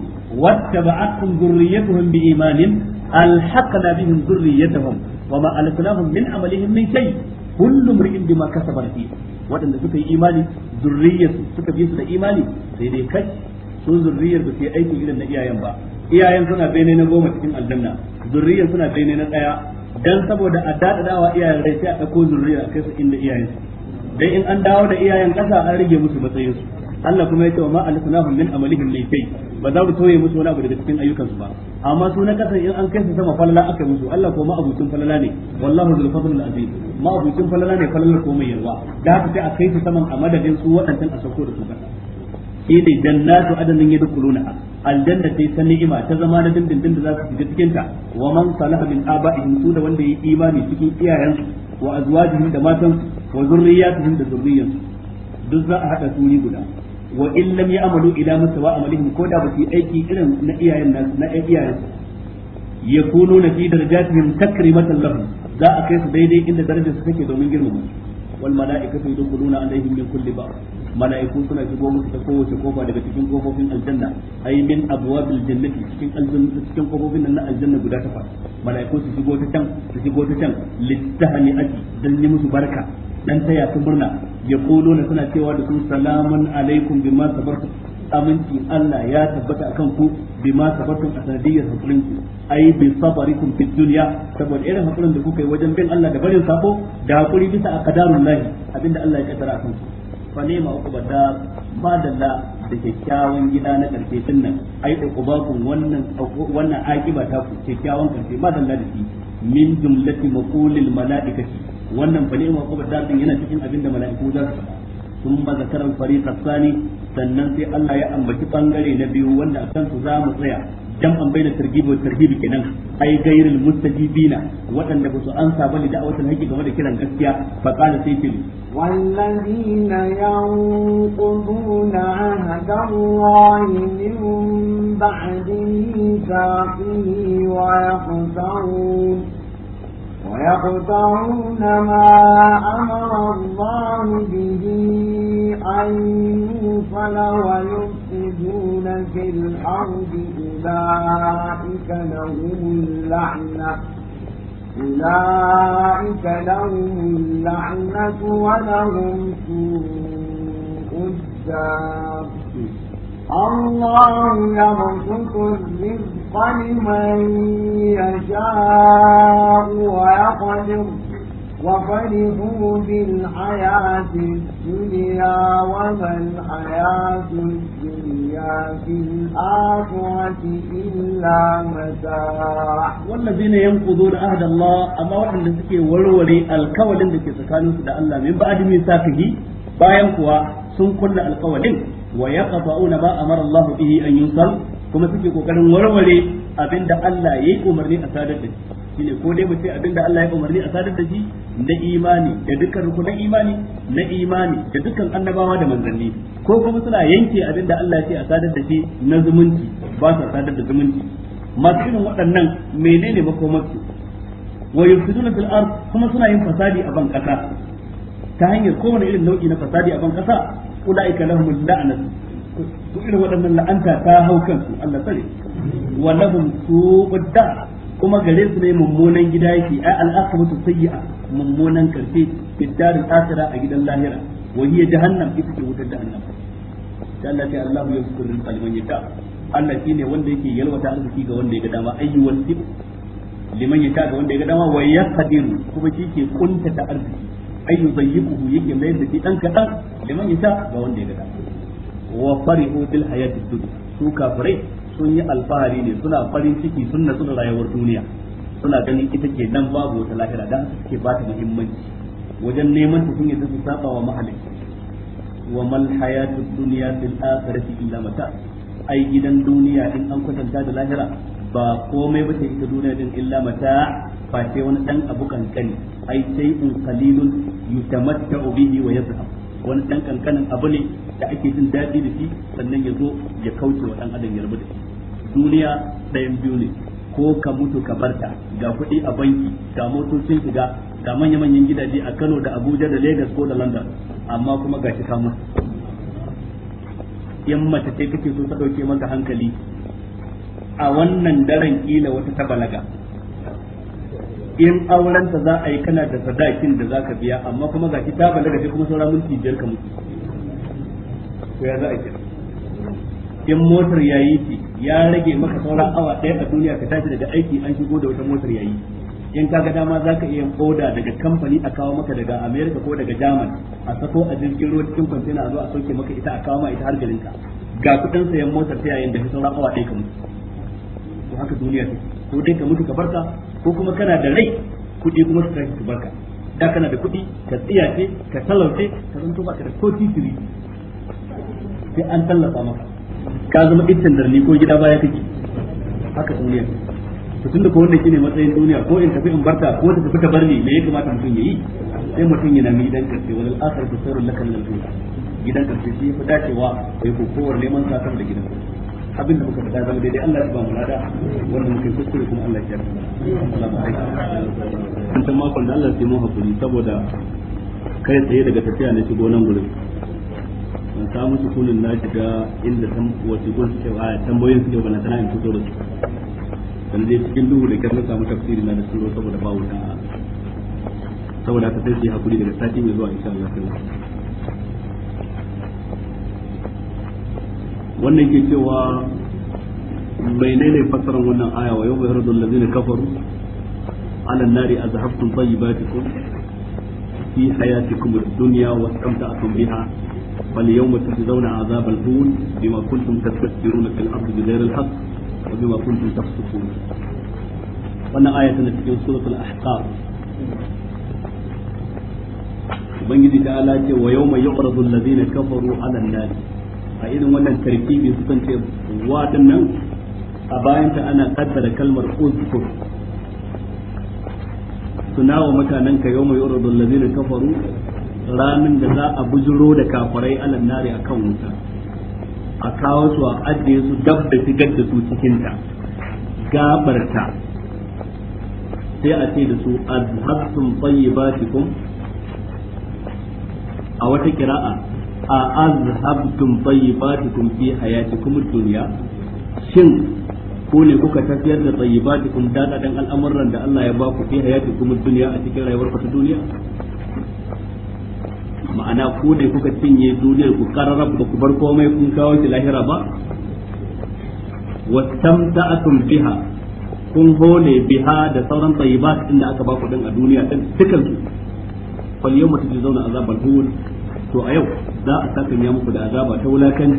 wattaba'atkum dhurriyyatuhum biimanin alhaqna bihim dhurriyyatuhum wama alqnahum min amalihim min shay kullu bima kasaba fi waɗanda suka yi imani suka bi su da imani sai dai kai su zurriyar ba su yi aiki irin na iyayen ba iyayen suna bene na goma cikin aljanna zurriyan suna bene na daya dan saboda a dawa iyayen rai sai a dauko zurriya a kai su inda iyayen su dai in an dawo da iyayen kasa an rage musu matsayin su Allah kuma ya ce wa ma alifnahum min amalihim min ba za mu toye musu wani abu daga cikin ayyukan su ba amma su na kasan in an kai su sama falala aka musu Allah kuma abucin falala ne wallahu zul fadlul azim ma abucin falala ne falala komai yawa da haka sai a kai su saman a madadin su waɗancan a sauko da su kasa da jannatu adanin yadkhuluna aljanna sai ta ni'ima ta zama da dindindin da za su shiga cikin ta wa man salaha min aba'ihim su da wanda yi imani cikin iyayensu wa azwajihim da matan wa zurriyatihim da zurriyansu duk za a hada suri guda wa in lam ya'malu ila musawa amalihim ko da ba su aiki irin na iyayen nasu na iyayensu yakununa fi darajatihim takrimatan lahum za a kai su daidai inda darajar su take domin girmama su wal mala'ikatu yadkhuluna alaihim min kulli bab mala'iku suna shigo musu ta kowace kofa daga cikin kofofin aljanna ay min abwabil jannati cikin aljanna cikin kofofin nan aljanna guda takwas mala'iku su shigo ta can su shigo ta can dan yi musu barka dan taya murna yaquluna suna cewa da su salaman alaikum bima amincin Allah ya tabbata akan ku bima ma a sanadiyyar hakurin ku ai bi sabarikum fid dunya saboda irin hakurin da kuka yi wajen bin Allah da barin sako da hakuri bisa a kadarun lahi abinda Allah ya kaddara akan ku fa ne ma uku bada madalla da kyakkyawan gida na karfe din nan ai kubakun wannan wannan akiba ta ku kyakkyawan karfe madalla da shi min jumlati maqulil malaikati wannan fa ne ma uku bada din yana cikin abinda mala'iku za su sun ثم ذكر الفريق الثاني sannan sai Allah ya ambaci bangare na biyu wanda a kansu za mu tsaya jam'an baina targibi wa targibi kenan ai gairul mustajibina waɗanda ba su ansa bane da'awatul haqqi game da kiran gaskiya fa qala sai fil wallazina yanquduna ahda min ba'di mithaqi wa yaqtawun ويقطعون ما أمر الله به أن يوصل ويفسدون في الأرض أولئك لهم اللعنة أولئك لهم اللعنة ولهم سوء الدار الله يرزق الرزق لمن يشاء ويقدر وفرحوا بالحياة الدنيا وما الحياة الدنيا في الآخرة إلا متاع والذين ينقضون عهد الله أما وحن لسكي ولولي الكوالين لكي سكانوا سدى الله من بعد ميثاقه bayan kuwa sun kulla alkawalin wa ba ma amara Allah bihi an yunsal kuma suke kokarin warware abinda Allah yayi umarni a sadar da shi shine ko dai mu ce abinda Allah ya umarni a sadar da shi na imani da dukkan rukunan imani na imani da dukkan annabawa da manzanni ko kuma suna yanke abinda Allah ya ce a sadar da shi na zumunci ba sa sadar da zumunci masu irin waɗannan menene makomarsu wa yufsiduna fil ard kuma suna yin fasadi a ban kasa ta hanyar kowane irin nau'i na fasadi a ban kasa ulaika lahum la'natu ku irin waɗannan la'anta ta hau kansu Allah tsare wa lahum su'udda kuma gare su ne mummunan gida yake ai al'aqabatu sayyi'a mummunan karfe fi daril akhirah a gidan lahira wa hiya jahannam ita ce wutar jahannam ta Allah ta Allah ya zukur rin kalman yata Allah shine wanda yake yalwata arziki ga wanda ya ga dama ayyuwan tib liman yata ga wanda ya dama wa yaqdiru kuma shi ke kunta ta arziki ay yudayyiquhu yake mai da shi dan kadan liman yasha ga wanda ya gada wa farihu bil hayati dunya su kafirai sun yi alfahari ne suna farin ciki sun nasu da rayuwar duniya suna ganin ita ke nan babu wata lahira dan suke ba ta muhimmanci wajen neman ta sun yi su saba wa mahalicci wa mal hayatu dunya akhirati illa mata ai gidan duniya in an kwatanta da lahira ba komai ba ta ita duniya din illa mata sai wani dan abu kankani ai sai in kalilun yutamatta bihi wa yazhab wani dan kankanin abu ne da ake jin daɗi da shi sannan ya zo ya kauce wa dan adam ya rabu da shi duniya ɗayan biyu ne ko ka mutu ka barta ga kuɗi a banki ga motocin shiga ga manya manyan gidaje a Kano da Abuja da Lagos ko da London amma kuma ga ka mutu yan mace ce kake so ta dauke maka hankali a wannan daren kila wata ta balaga in aurenta za a yi kana da sadakin da za ka biya amma kuma ga ta daga shi kuma saura minti biyar ka mutu ko ya za a kira in motar yi ce ya rage maka sauran awa ɗaya a duniya ka tashi daga aiki an shigo da wata motar ya yi. in ka ga dama za ka iya oda daga kamfani a kawo maka daga america ko daga jaman a sako a jirgin ruwa cikin kwantena a zo a sauke maka ita a kawo ma ita har garinka ga kudin sayan motar ta yayin da sauran awa ɗaya ka mutu Ko haka duniya ta ko dai ka mutu ka barka ko kuma kana da rai kuɗi kuma su kai su barka da kana da kuɗi ka ce ka talauce ka zanto ka da ko titiri sai an tallafa maka ka zama iccen darni ko gida baya kake haka duniya to tunda ko wannan kine matsayin duniya ko in tafi in barta ko ta tafi ta bar ni me ya kamata mutum yi sai mutum yana mi dan karfe wal akhir tasarru lakal lil gidan karfe shi ya fi dacewa ko kokowar neman sakar da gidan karfe abin da muka faɗa zama daidai Allah ya ba mu lada wanda muke kuskure kuma Allah ya yarda assalamu alaikum tun makon da Allah sai mu hakuri saboda kai tsaye daga tafiya na shigo nan gurin ban samu sukunin na shiga inda wace gun suke a tambayoyin suke bana tana in fito da su dan dai cikin duhu da kyar samu tafsiri na da suro saboda ba wuta saboda ta sai hakuri daga sati mai zuwa insha Allah wannan ke cewa menene fasaran wannan aya wa yau bayar da lalazina kafaru ala nari a zahaftun bayi ba ta kun fi hayatikum ad-dunya wa istamta'tum biha فاليوم تجزون عذاب الهون بما كنتم تستكبرون في الارض بغير الحق وبما كنتم تفسقون. وانا آية في سورة الأحقاف. وبنجد تعالى ويوم يعرض الذين كفروا على nari a irin wannan tarkibi sukan ce nan a bayanta ana kaddara kalmar uzkur tunawa mutanen ka yau mai uradun lazina kafaru ramin da za a bujiro da kafarai alan nari a kan wuta a kawo su a ajiye su dab da shigar da su cikinta gabarta sai a ce da su azhabtum tayyibatikum a wata kira'a a azhabtum tayyibatikum fi hayatikum ad-dunya shin ko ne kuka tafiyar da tayyibatikum dadadan al'amuran da Allah ya ba ku fi hayatikum ad-dunya a cikin rayuwar ku ta duniya ma'ana ko ne kuka cinye duniyar ku kararrab da ku bar komai kun kawo ki lahira ba wastamta'atum biha kun hole biha da sauran tayyibat din da aka ba ku din a duniya din dukan su fal yawma tujzauna azabal hul to a yau za a sakan ya muku da azaba ta wulakan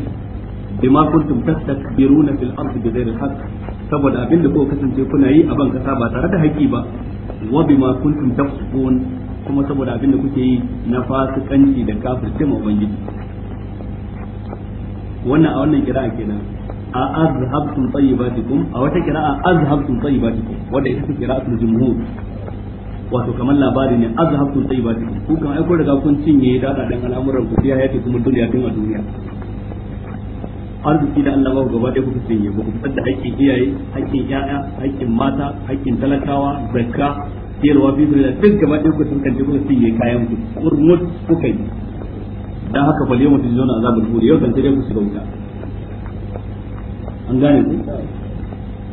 bima kuntum tastakbiruna fil ardi bighayri al-haqq saboda abin da kuka kasance kuna yi a ban kasa ba tare da haƙi ba wa bima kuntum tafsukun kuma saboda abin da kuke yi na fasikanci da kafirce ma ubangiji wannan a wannan kira'a kenan a azhabtum tayyibatikum a wata kira'a azhabtum tayyibatikum wanda ita ce kira'atul jumhur wato kamar labari ne azhabtu tayyibati ku kan ai kun riga kun cinye dada dan al'amuran ku ya yake kuma duniya tun a duniya arziki da Allah ba gaba da ku cinye ba ku fitar da haƙƙin iyaye haƙƙin ƴaƴa haƙƙin mata haƙƙin talakawa zakka siyarwa fi da duk gaba da ku sun kanci kuka cinye kayan ku kurmut ku kai dan haka fa yau mutum zuwa azabul kubur yau kan sai ku shiga wuta an gane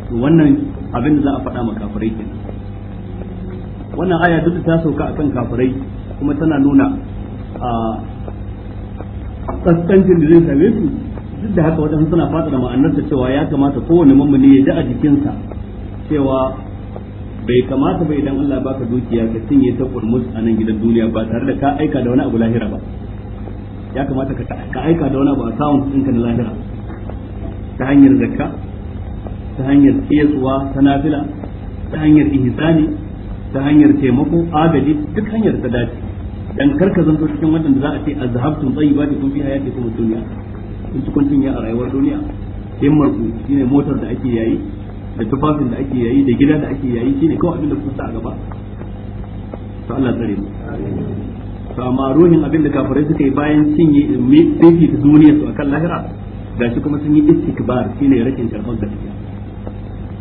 ku wannan abin da za a faɗa maka makafirai kenan wannan aya duk ta sauka kan kafirai kuma tana nuna a kaskancin da zai same su duk da haka wajen suna fata da ma'anarta cewa ya kamata kowane mamuni ya ji a jikinsa cewa bai kamata ba idan Allah baka dukiya ka cinye ta kurmus a nan gidan duniya ba tare da ka aika da wani abu lahira ba ya kamata ka aika da wani abu a samun ɗinka na lahira ta hanyar zakka ta hanyar tsiyatsuwa ta nafila ta hanyar ihsani ta hanyar taimako agaji duk hanyar ta dace dan karka zanto cikin wannan da za a ce azhabtum tayyibatikum fi hayatikum kuma dunya in kun tunya a rayuwar duniya himmar ku shine motar da ake yayi da tufafin da ake yayi da gida da ake yayi shine kawai abin da kuka sa a gaba to Allah tsare mu to amma ruhin abin da kafirai suka yi bayan cinye fifi ta duniya su akan lahira gashi kuma sun yi istikbar shine rashin karɓar gaskiya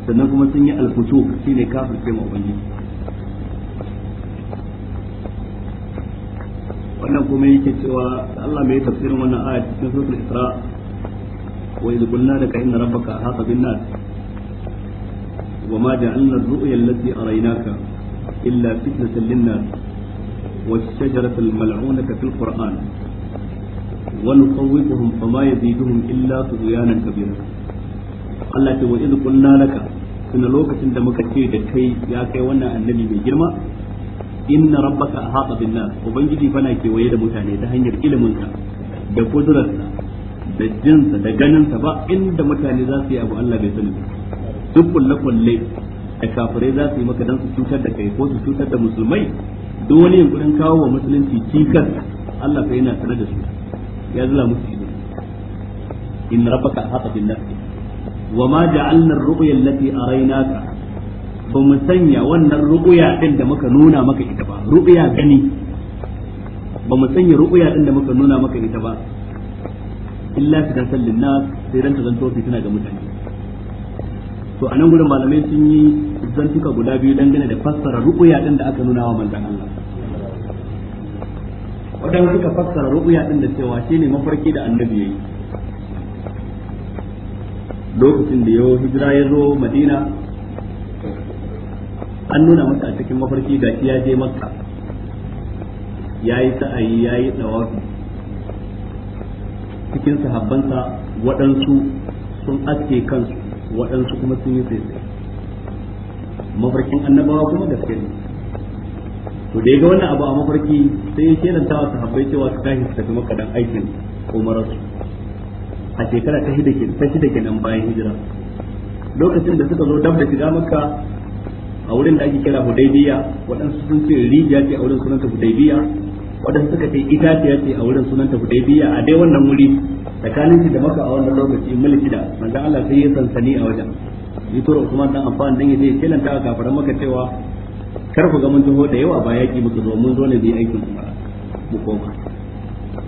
sannan kuma sun yi alfusu shine kafirce ma ubangiji wannan kuma yake cewa Allah mai tafsirin wannan aya cikin suratul Isra wa idh qulna laka inna rabbaka ahata bin nas wa ma ja'alna ar-ru'ya allati araynaka illa fitnatan lin-nas wa ash-shajarata al-mal'unata fil Qur'an wa nuqawwifuhum fama yaziduhum illa tughyanan kabira Allah ce wa idh qulna laka tuna lokacin da muka ce da kai ya kai wannan annabi mai girma inna rabbaka ahata bin nas ubangiji fa na kewaye da mutane ta hanyar ilimin sa da kudurarsa da jinsa da ganinsa ba inda mutane za su yi abu Allah bai sani duk kulle kulle da kafirai za su yi maka dan su cutar da kai ko su cutar da musulmai duk wani yankurin kawo wa musulunci cikar, Allah fa yana sanar da su ya zula musu ido inna rabbaka ahata bin nas wa ma ja'alna ar-ru'ya allati araynaka ba mu sanya wannan ru'ya din da muka nuna maka ita ru'ya gani ba mu sanya ru'ya din da muka nuna maka ita ba illa ta dan sallin na sai ran ta zanto suna ga mutane to anan gurin malamai sun yi zantuka guda biyu dangane da fassara ru'ya din da aka nuna wa manzon Allah wadanda suka fassara ru'ya din da cewa ne mafarki da annabi yayi lokacin da ya hijira ya zo madina an nuna masa a cikin mafarki ga ya je makka Ya yi yayi ya yi tsawafi cikin sahabbansa waɗansu sun aske kansu waɗansu kuma sun yi zai mafarkin annabawa kuma gaske ne to da ya ga wannan abu a mafarki sai ya shelanta wa sahabbai cewa su tashi su tafi makadan aikin umararsu a shekara ta shida ta kenan bayan hijira lokacin da suka zo dab da shiga maka a wurin da ake kira hudaybiya waɗansu sun ce rijiya ce a wurin sunanta hudaybiya wadanda suka ce itaciya ce a wurin sunanta hudaybiya a dai wannan wuri tsakanin shi da maka a wannan lokaci mulki da manzo Allah sai ya sansani a wajen yitor Usman dan amfani dan yaje kilanta ga kafaran maka cewa kar ku ga mun taho da yawa ba yaki muku zo mun zo ne bi aikin umara mu koma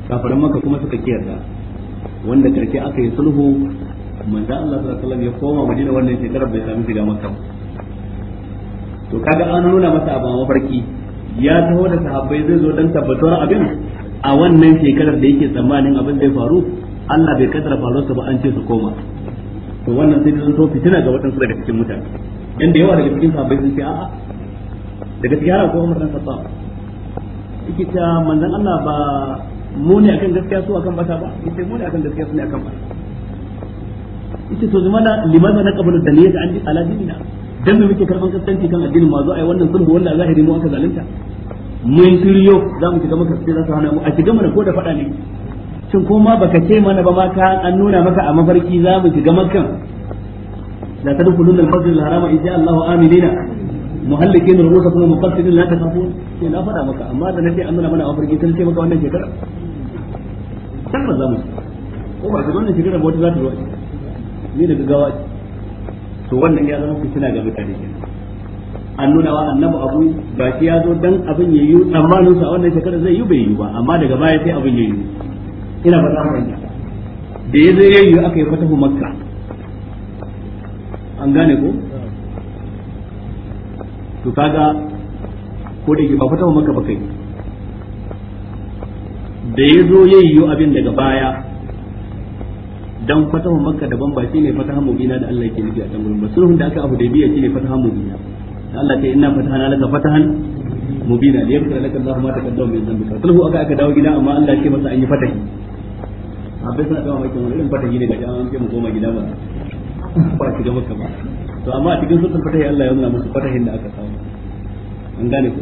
kafaran maka kuma suka kiyarda wanda karke aka yi sulhu manzo Allah sallallahu alaihi wasallam ya koma Madina wannan shekarar bai sami shiga Makka to kaga an nuna masa abu mafarki ya taho da sahabbai zai zo dan tabbatar abin a wannan shekarar da yake tsammanin abin zai faru Allah bai kaddara faruwarsa ba an ce su koma to wannan sai zan so fitina ga waɗansu daga cikin mutane dan da yawa daga cikin sahabbai sun ce a'a daga cikin yara ko Umar dan Khattab yake ta manzon Allah ba mu ne akan gaskiya su akan bata ba yace mu ne akan gaskiya su ne akan bata yace to zuma da limaza na qabulu dalilin an ala dinina dan da muke karban kaskanci kan addinin ma zo ai wannan sun wanda a zahiri mu aka zalunta mun shiryo za mu shiga maka sai za su hana mu a shiga mana ko da faɗa ne shin ko ma baka ce mana ba ma ka an nuna maka a mafarki za mu shiga makan la tadkhulun al-masjid al-harama in sha Allahu aminina muhallikin kuma muqassirin la takhafun sai na faɗa maka amma da nace an nuna mana a mafarki sai ce maka wannan shekara tabbas za mu ko ba ga wannan shekara ba wata za ta zo ni da gaggawa ce to wannan ya zama fitina ga mutane kenan an nuna wa annabi abu ba shi ya zo dan abin ya yi tsammanin sa wannan shekarar zai yi bai yi ba amma daga baya sai abin ya yi ina ba za mu yi da ya zai yi aka yi fatahu makka an gane ko to kaga ko da ke ba fatahu makka ba kai da ya zo yayi abin daga baya dan fatahu makka daban ba shine fataha mubina da Allah yake nufi a can ba sulhun da aka abu da biya shine fataha mubina Allah ta inna fatahana laka fatahan mubina da yafi laka Allah ma takaddama min dhanbika sulhu aka aka dawo gida amma Allah yake masa an yi fatahi bai sana dawo maka wani irin fatahi ne daga an ce mu koma gida ba ba shiga makka ba to amma a cikin sulhun fatahi Allah ya nuna musu fatahin da aka samu an gane ku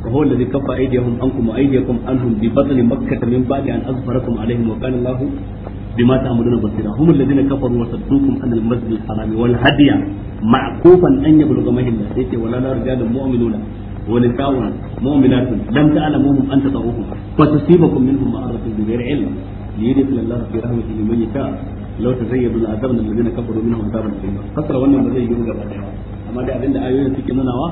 وهو الذي كف أيديهم عنكم وأيديكم عنهم ببطن مكة من بعد أن أظفركم عليهم وكان الله بما تعملون بصيرا هم الذين كفروا وصدوكم عن المسجد الحرام والهدي معكوفا ان يبلغ مهل سيتي ولا رجال مؤمنون ونساء مؤمنات لم تعلموهم ان تطروهم فتصيبكم منهم معرة بغير علم ليدخل الله في رحمته من يشاء لو تزيدوا لعذبنا الذين كفروا منهم عذابا اليما فسر wannan ba zai yi gaba daya amma da abinda ayoyin suke nunawa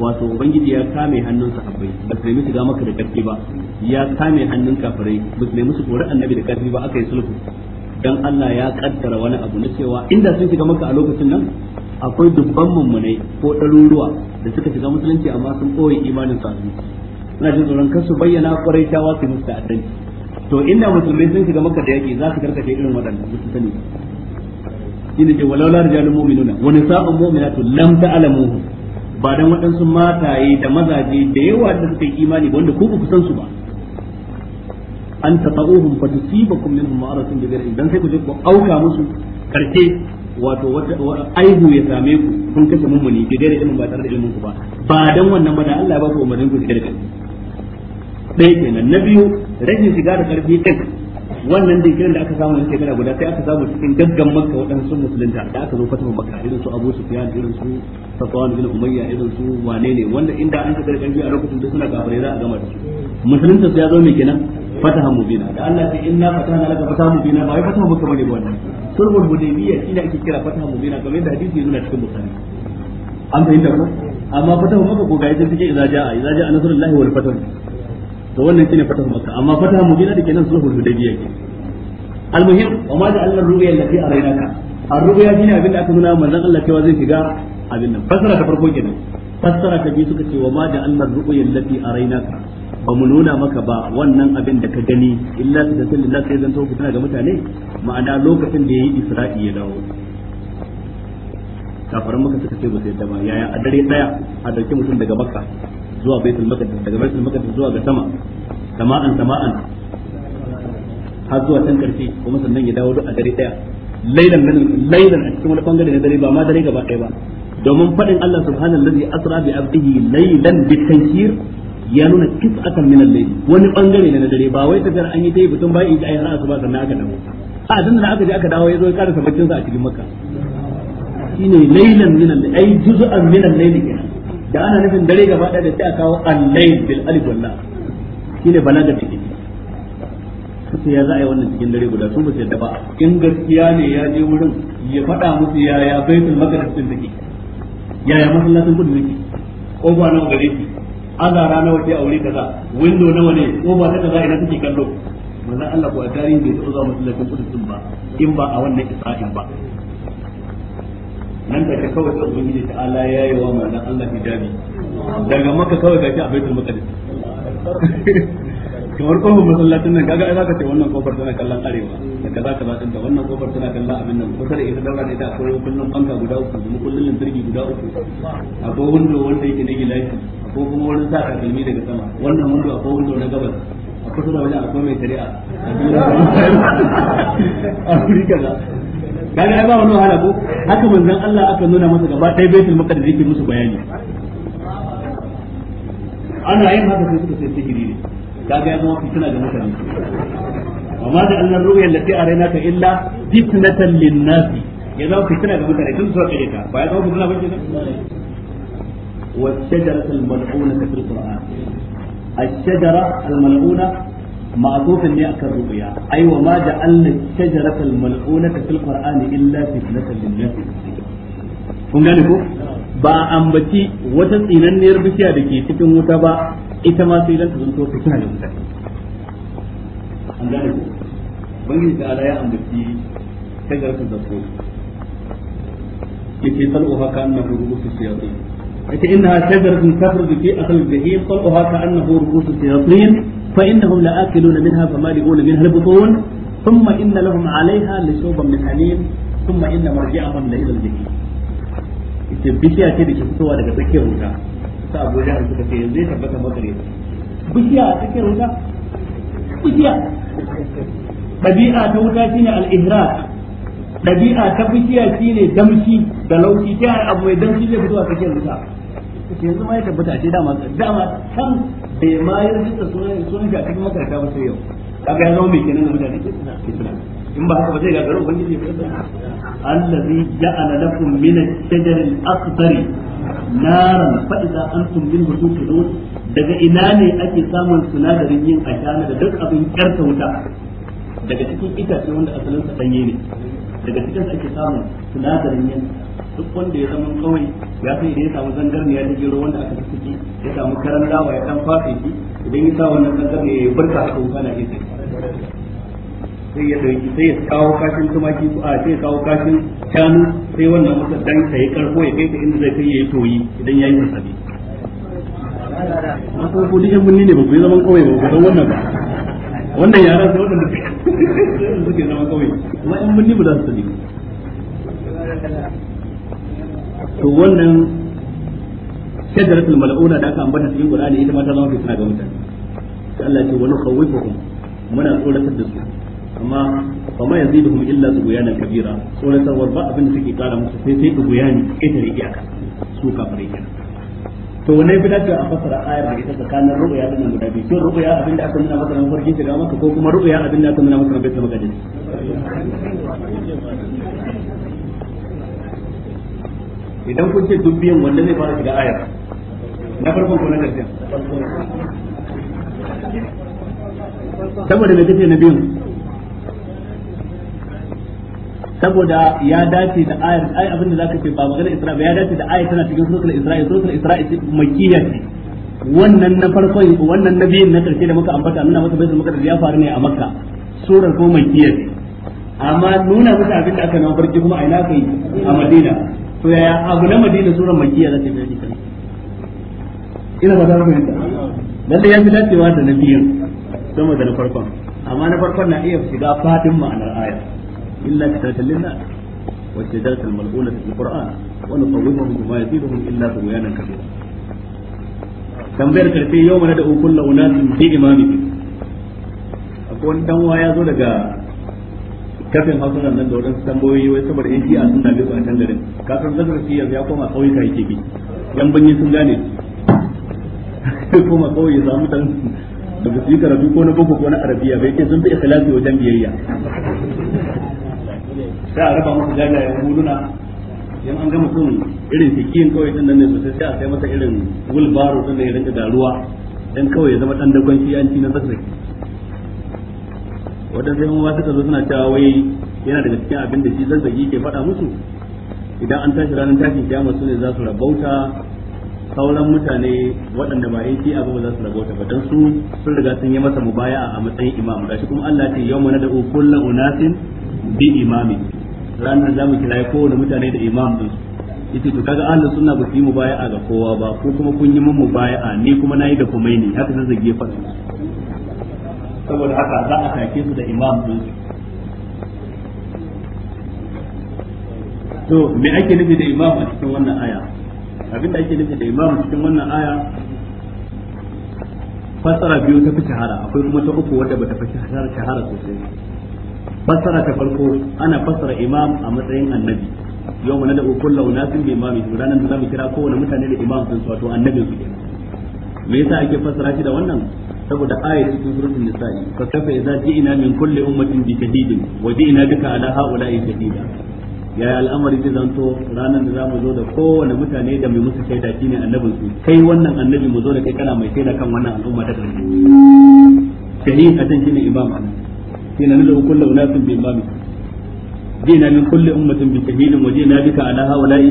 wato ubangiji ya kame hannun sahabbai ba su nemi shiga maka da karfi ba ya kame hannun kafirai ba su nemi su kori annabi da karfi ba aka yi sulhu dan Allah ya kaddara wani abu na cewa inda sun shiga maka a lokacin nan akwai dubban mummunai ko ɗaruruwa da suka shiga musulunci amma sun ɓoye imanin su a suna jin tsoron kar su bayyana kwarai tawa su musu ta'addanci to inda musulmai sun shiga maka da yaƙi za su karkace irin waɗannan su sani shine ce walaula rijalun mu'minuna wani sa'an muminatu lam ta'lamuhum ba dan waɗansu mataye da mazaje da yawa da suka yi imani wanda ku ba ku san su ba an ta'uhum fa tusibakum minhum ma'aratun bi ghairi dan sai ku je ku auka musu karshe wato wata aibu ya same ku kun mun muni bi ghairi ilmin ba tare da ilmin ku ba ba dan wannan ba da Allah ya ba ku umarnin ku da karfi dai kenan na biyu rashin shiga da karfi ɗin wannan dinkirin da aka samu na shekara guda sai aka samu cikin gaggan makka waɗansu musulunta da aka zo fatahu makka irin su abu sufyan irin su safwan bin umayya irin su wane ne wanda inda an kada karfi a lokacin da suna kafirai za a gama da su musulunta su ya zo mai kenan fataha mubina da Allah sai inna fatahna laka fataha mubina ba wai fataha makka bane ba wannan sulhul hudaybiyya shine ake kira fataha mubina kamar yadda hadisi yana cikin bukhari an fahimta ko amma fatahu makka ko ga yadda suke idza jaa idza jaa nasrullahi wal fatahu to wannan shine fatahu makka amma fatahu mubina da kenan da hudaybiya ke almuhim wa ma ja'alna ar-ru'ya allati araynaka ar-ru'ya shine abin da aka nuna manzon Allah cewa zai shiga abin nan fasara ta farko kenan fassara ta biyu suka ce wa ma ja'alna ar-ru'ya allati araynaka ba mu nuna maka ba wannan abin da ka gani illa ta da sallin alaihi zan sai zanto ga mutane ma'ana lokacin da yayi isra'i ya dawo kafaran maka suka ce ba sai da ba yaya a dare daya a dauki mutum daga makka zuwa baitul maqdis daga maqdis zuwa ga sama sama'an sama'an har zuwa can kuma sannan ya dawo duk a dare daya lailan nan lailan a cikin wani bangare na dare ba ma dare gaba daya ba domin fadin Allah subhanahu allazi asra bi abdihi lailan bi tankir ya nuna min al-layl wani bangare ne na dare ba wai tafiyar an yi butun asuba sannan aka dawo a dan da aka je aka dawo ya zo ya karasa baccin sa a cikin makka shine lailan min al-layl ay juz'an min al-layl da ana nufin dare gaba ɗaya da sai a kawo allai bil alif wal lam shine balaga cikin su ya za a yi wannan cikin dare guda su ba su yadda ba in gaskiya ne ya je wurin ya faɗa musu yaya baitul maqdis din take yaya masallacin kudu yake ko ba nawa gare shi azara nawa ce aure kaza window nawa ne ko ba ta kaza ina take kallo manzon Allah ko a tarihi bai taɓa zuwa masallacin kudu din ba in ba a wannan isra'in ba nan da ka kawai da ubangiji ta ala ya yi wa manzon Allah hijabi daga maka kawai ga shi a baitul maqdis kamar kofar masallacin nan kaga ai zaka ce wannan kofar tana kallon arewa da kaza ka din da wannan kofar tana kallon abin nan kusa da ita daura da ita akwai kullun banka guda uku kuma kullun lantarki guda uku akwai wando wanda yake na gilashi akwai kuma wurin sa kalmi daga sama wannan wando akwai wando na gabas a kusa da wajen akwai mai shari'a a duniya a Afirka kaga ai ba wani wahala ko haka manzon Allah aka nuna masa gaba ɗaya baitul maqdis yake musu bayani ana yin haka sai suka sai sihiri ne kaga ya zama fitina ga mutane amma da annar ruya lati arena illa fitnatan lin ya zama fitina ga mutane tun suka kare ta ba ya zama fitina ba kenan والشجرة الملعونة في القرآن الشجرة الملعونة ma'tufin ne akan rubiya ai wa ma ja'alna shajaratal mal'unata fil qur'ani illa kun gane ko ba ambaci wata tsinanniyar bishiya da ke cikin wuta ba ita ma sai dan ta zanto fitina da mutane an gane ko bangi ta ala ya ambaci shajaratul zakkum yake tal'uha ka annahu rubutu shayatin ita innaha shajaratun takhruju fi asl jahim tal'uha ka annahu rubutu shayatin فإنهم لآكلون منها فمالئون منها البطون ثم إن لهم عليها لشوبا من حميم ثم إن مرجعهم لإلى الجحيم ita bishiya ce da ke fitowa daga tsakiyar wuta ta abu da suka ce yanzu ya tabbata makare bishiya a tsakiyar wuta bishiya ɗabi'a ta wuta shine al-ihra ɗabi'a ta bishiya shine damshi da laushi ta abu mai damshi zai fito a tsakiyar wuta yanzu ma ya tabbata a ce dama dama can bai eh, ma yi rijista sunan sunan shi a cikin makaranta ba sai yau kaga ya zama mai kenan da mutane kitna in ba haka ba zai ga garin ubangiji ba allazi ja'ala lakum min ash-shajar al-akhdari naran fa idza antum minhu tuqidun daga ina ne ake samun sinadarin yin ashana da duk abin kyarta wuta daga cikin itace wanda asalin sa danye ne daga cikin ake samun sinadarin yin duk wanda ya zama kawai ya sai da ya samu zangarniya ta gero wanda aka fi ya samu karan dawa ya kan fafe shi idan ya sa wannan zangarniya ya barka haka wuta na iya sai ya dauki sai ya kawo kashin tumaki a sai ya kawo kashin shanu sai wannan mutum dan ta yi karko ya kai ta inda zai kai ya yi toyi idan ya yi hasabi. Masu kudi yan munni ne ba ku yi zaman kawai ba ku wannan ba. wannan yaran sai wadanda suke zama kawai amma yan birni ba za su sani to wannan shajaratul mal'una da aka ambata cikin qur'ani ita ma ta zama fitina ga mutane sai Allah ya ce wani khawwifuhum muna tsoratar da su amma fa ma yaziduhum illa tughyana kabira tsoratarwar ba abin da take kara musu sai sai tughyani ita ne iyaka su kafirai kenan to wannan fi dace a fassara ayar da ita tsakanin ru'ya da nan guda biyu shin ru'ya abinda aka nuna maka nan farkin shiga maka ko kuma ru'ya abinda aka nuna maka nan baita magana idan kun ce duk biyan wanda zai fara shiga ayar na farkon ko na karshen saboda me kace na biyun saboda ya dace da ayar ai abin da zaka ce ba magana Isra ba ya dace da ayar tana cikin suratul Isra'i suratul Isra'i makkiya ce wannan na farko wannan na biyun na karshe da muka ambata nuna masa baitul maqdis ya faru ne a Makka surar ko makkiya ce amma nuna masa abin da aka nawa farki kuma a ina kai a Madina to yaya abu na Madina surar makkiya zaka yi bayani kai ina ba ta rubuta lalle ya fi dacewa da na biyun sama da na farkon amma na farkon na iya shiga fadin ma'anar ayar إلا فتنة للناس والشجرة الملعونة في القرآن ونقومهم بما يزيدهم إلا طغيانا كبيرا tambayar karfe yau mana da ukun launatin bi imami akwai wani dan ya zo daga kafin hausunan nan da wadansu tambayoyi wai saboda yan a sun nabi a can garin kasar zasar shi yanzu ya koma ƙauyuka yake bi yan banye sun gane ya koma ƙauye samu dan da su yi karatu ko na boko ko na arabiya bai ce sun fi ikhlasi wajen biyayya sai a raba musu jajayen huluna yan an gama sun irin fikiyin kawai din nan ne sosai sai a sai masa irin wulbaro din da ya rinka daruwa dan kawai ya zama dan dakon shi an ci na sassa Wadanda sai mawa suka zo suna cewa wai yana daga cikin abin da shi zazzagi ke faɗa musu idan an tashi ranar tashin kiyama su ne za su rabauta sauran mutane waɗanda ba yin shi'a ba za su rabauta ba don su sun riga sun yi masa baya a matsayin imam gashi kuma Allah ce ce mana nad'u kullu unasin bi imamin ranar za mu kiraye kowane mutane da imam din yace to kaga ahlus sunna ba su yi mubaya'a ga kowa ba ko kuma kun yi mun mubaya'a ni kuma nayi da kuma ne haka zan zage fa saboda haka za a take su da imam din to me ake nufi da imam a cikin wannan aya abin da ake nufi da imam a cikin wannan aya fasara biyu ta fi shahara akwai kuma ta uku wadda ba ta fi shahara sosai fassara ta farko ana fassara imam a matsayin annabi yau mana da ukun launatin bi imami ranar da zamu kira kowane mutane da imam sun wato annabin su me yasa ake fassara shi da wannan saboda ayat cikin surutun nisa'i fa kafa idza ji'na min kulli ummatin bi shahidin wa ji'na bika ala haula'i shahida ya al'amari zan zanto ranar da zamu zo da kowane mutane da mai musu shaida shine annabin su kai wannan annabi mu zo da kai kana mai shaida kan wannan al'umma ta karshe shahid a can shine imam annabi حين ندعو كل أناس بإمامهم جئنا من كل أمة بشهيد وجئنا بك على هؤلاء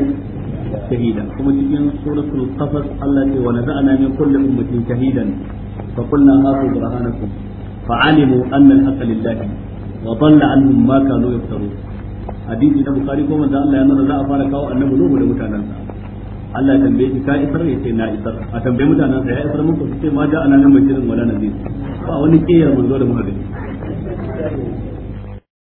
شهيدا سورة القصص التي ونزعنا من كل أمة شهيدا فقلنا هاتوا برهانكم فعلموا أن الحق لله وضل عنهم ما كانوا يفترون a fara da mutanansa ya tambaye shi ka isar ya ce na isar a da wani da Amen.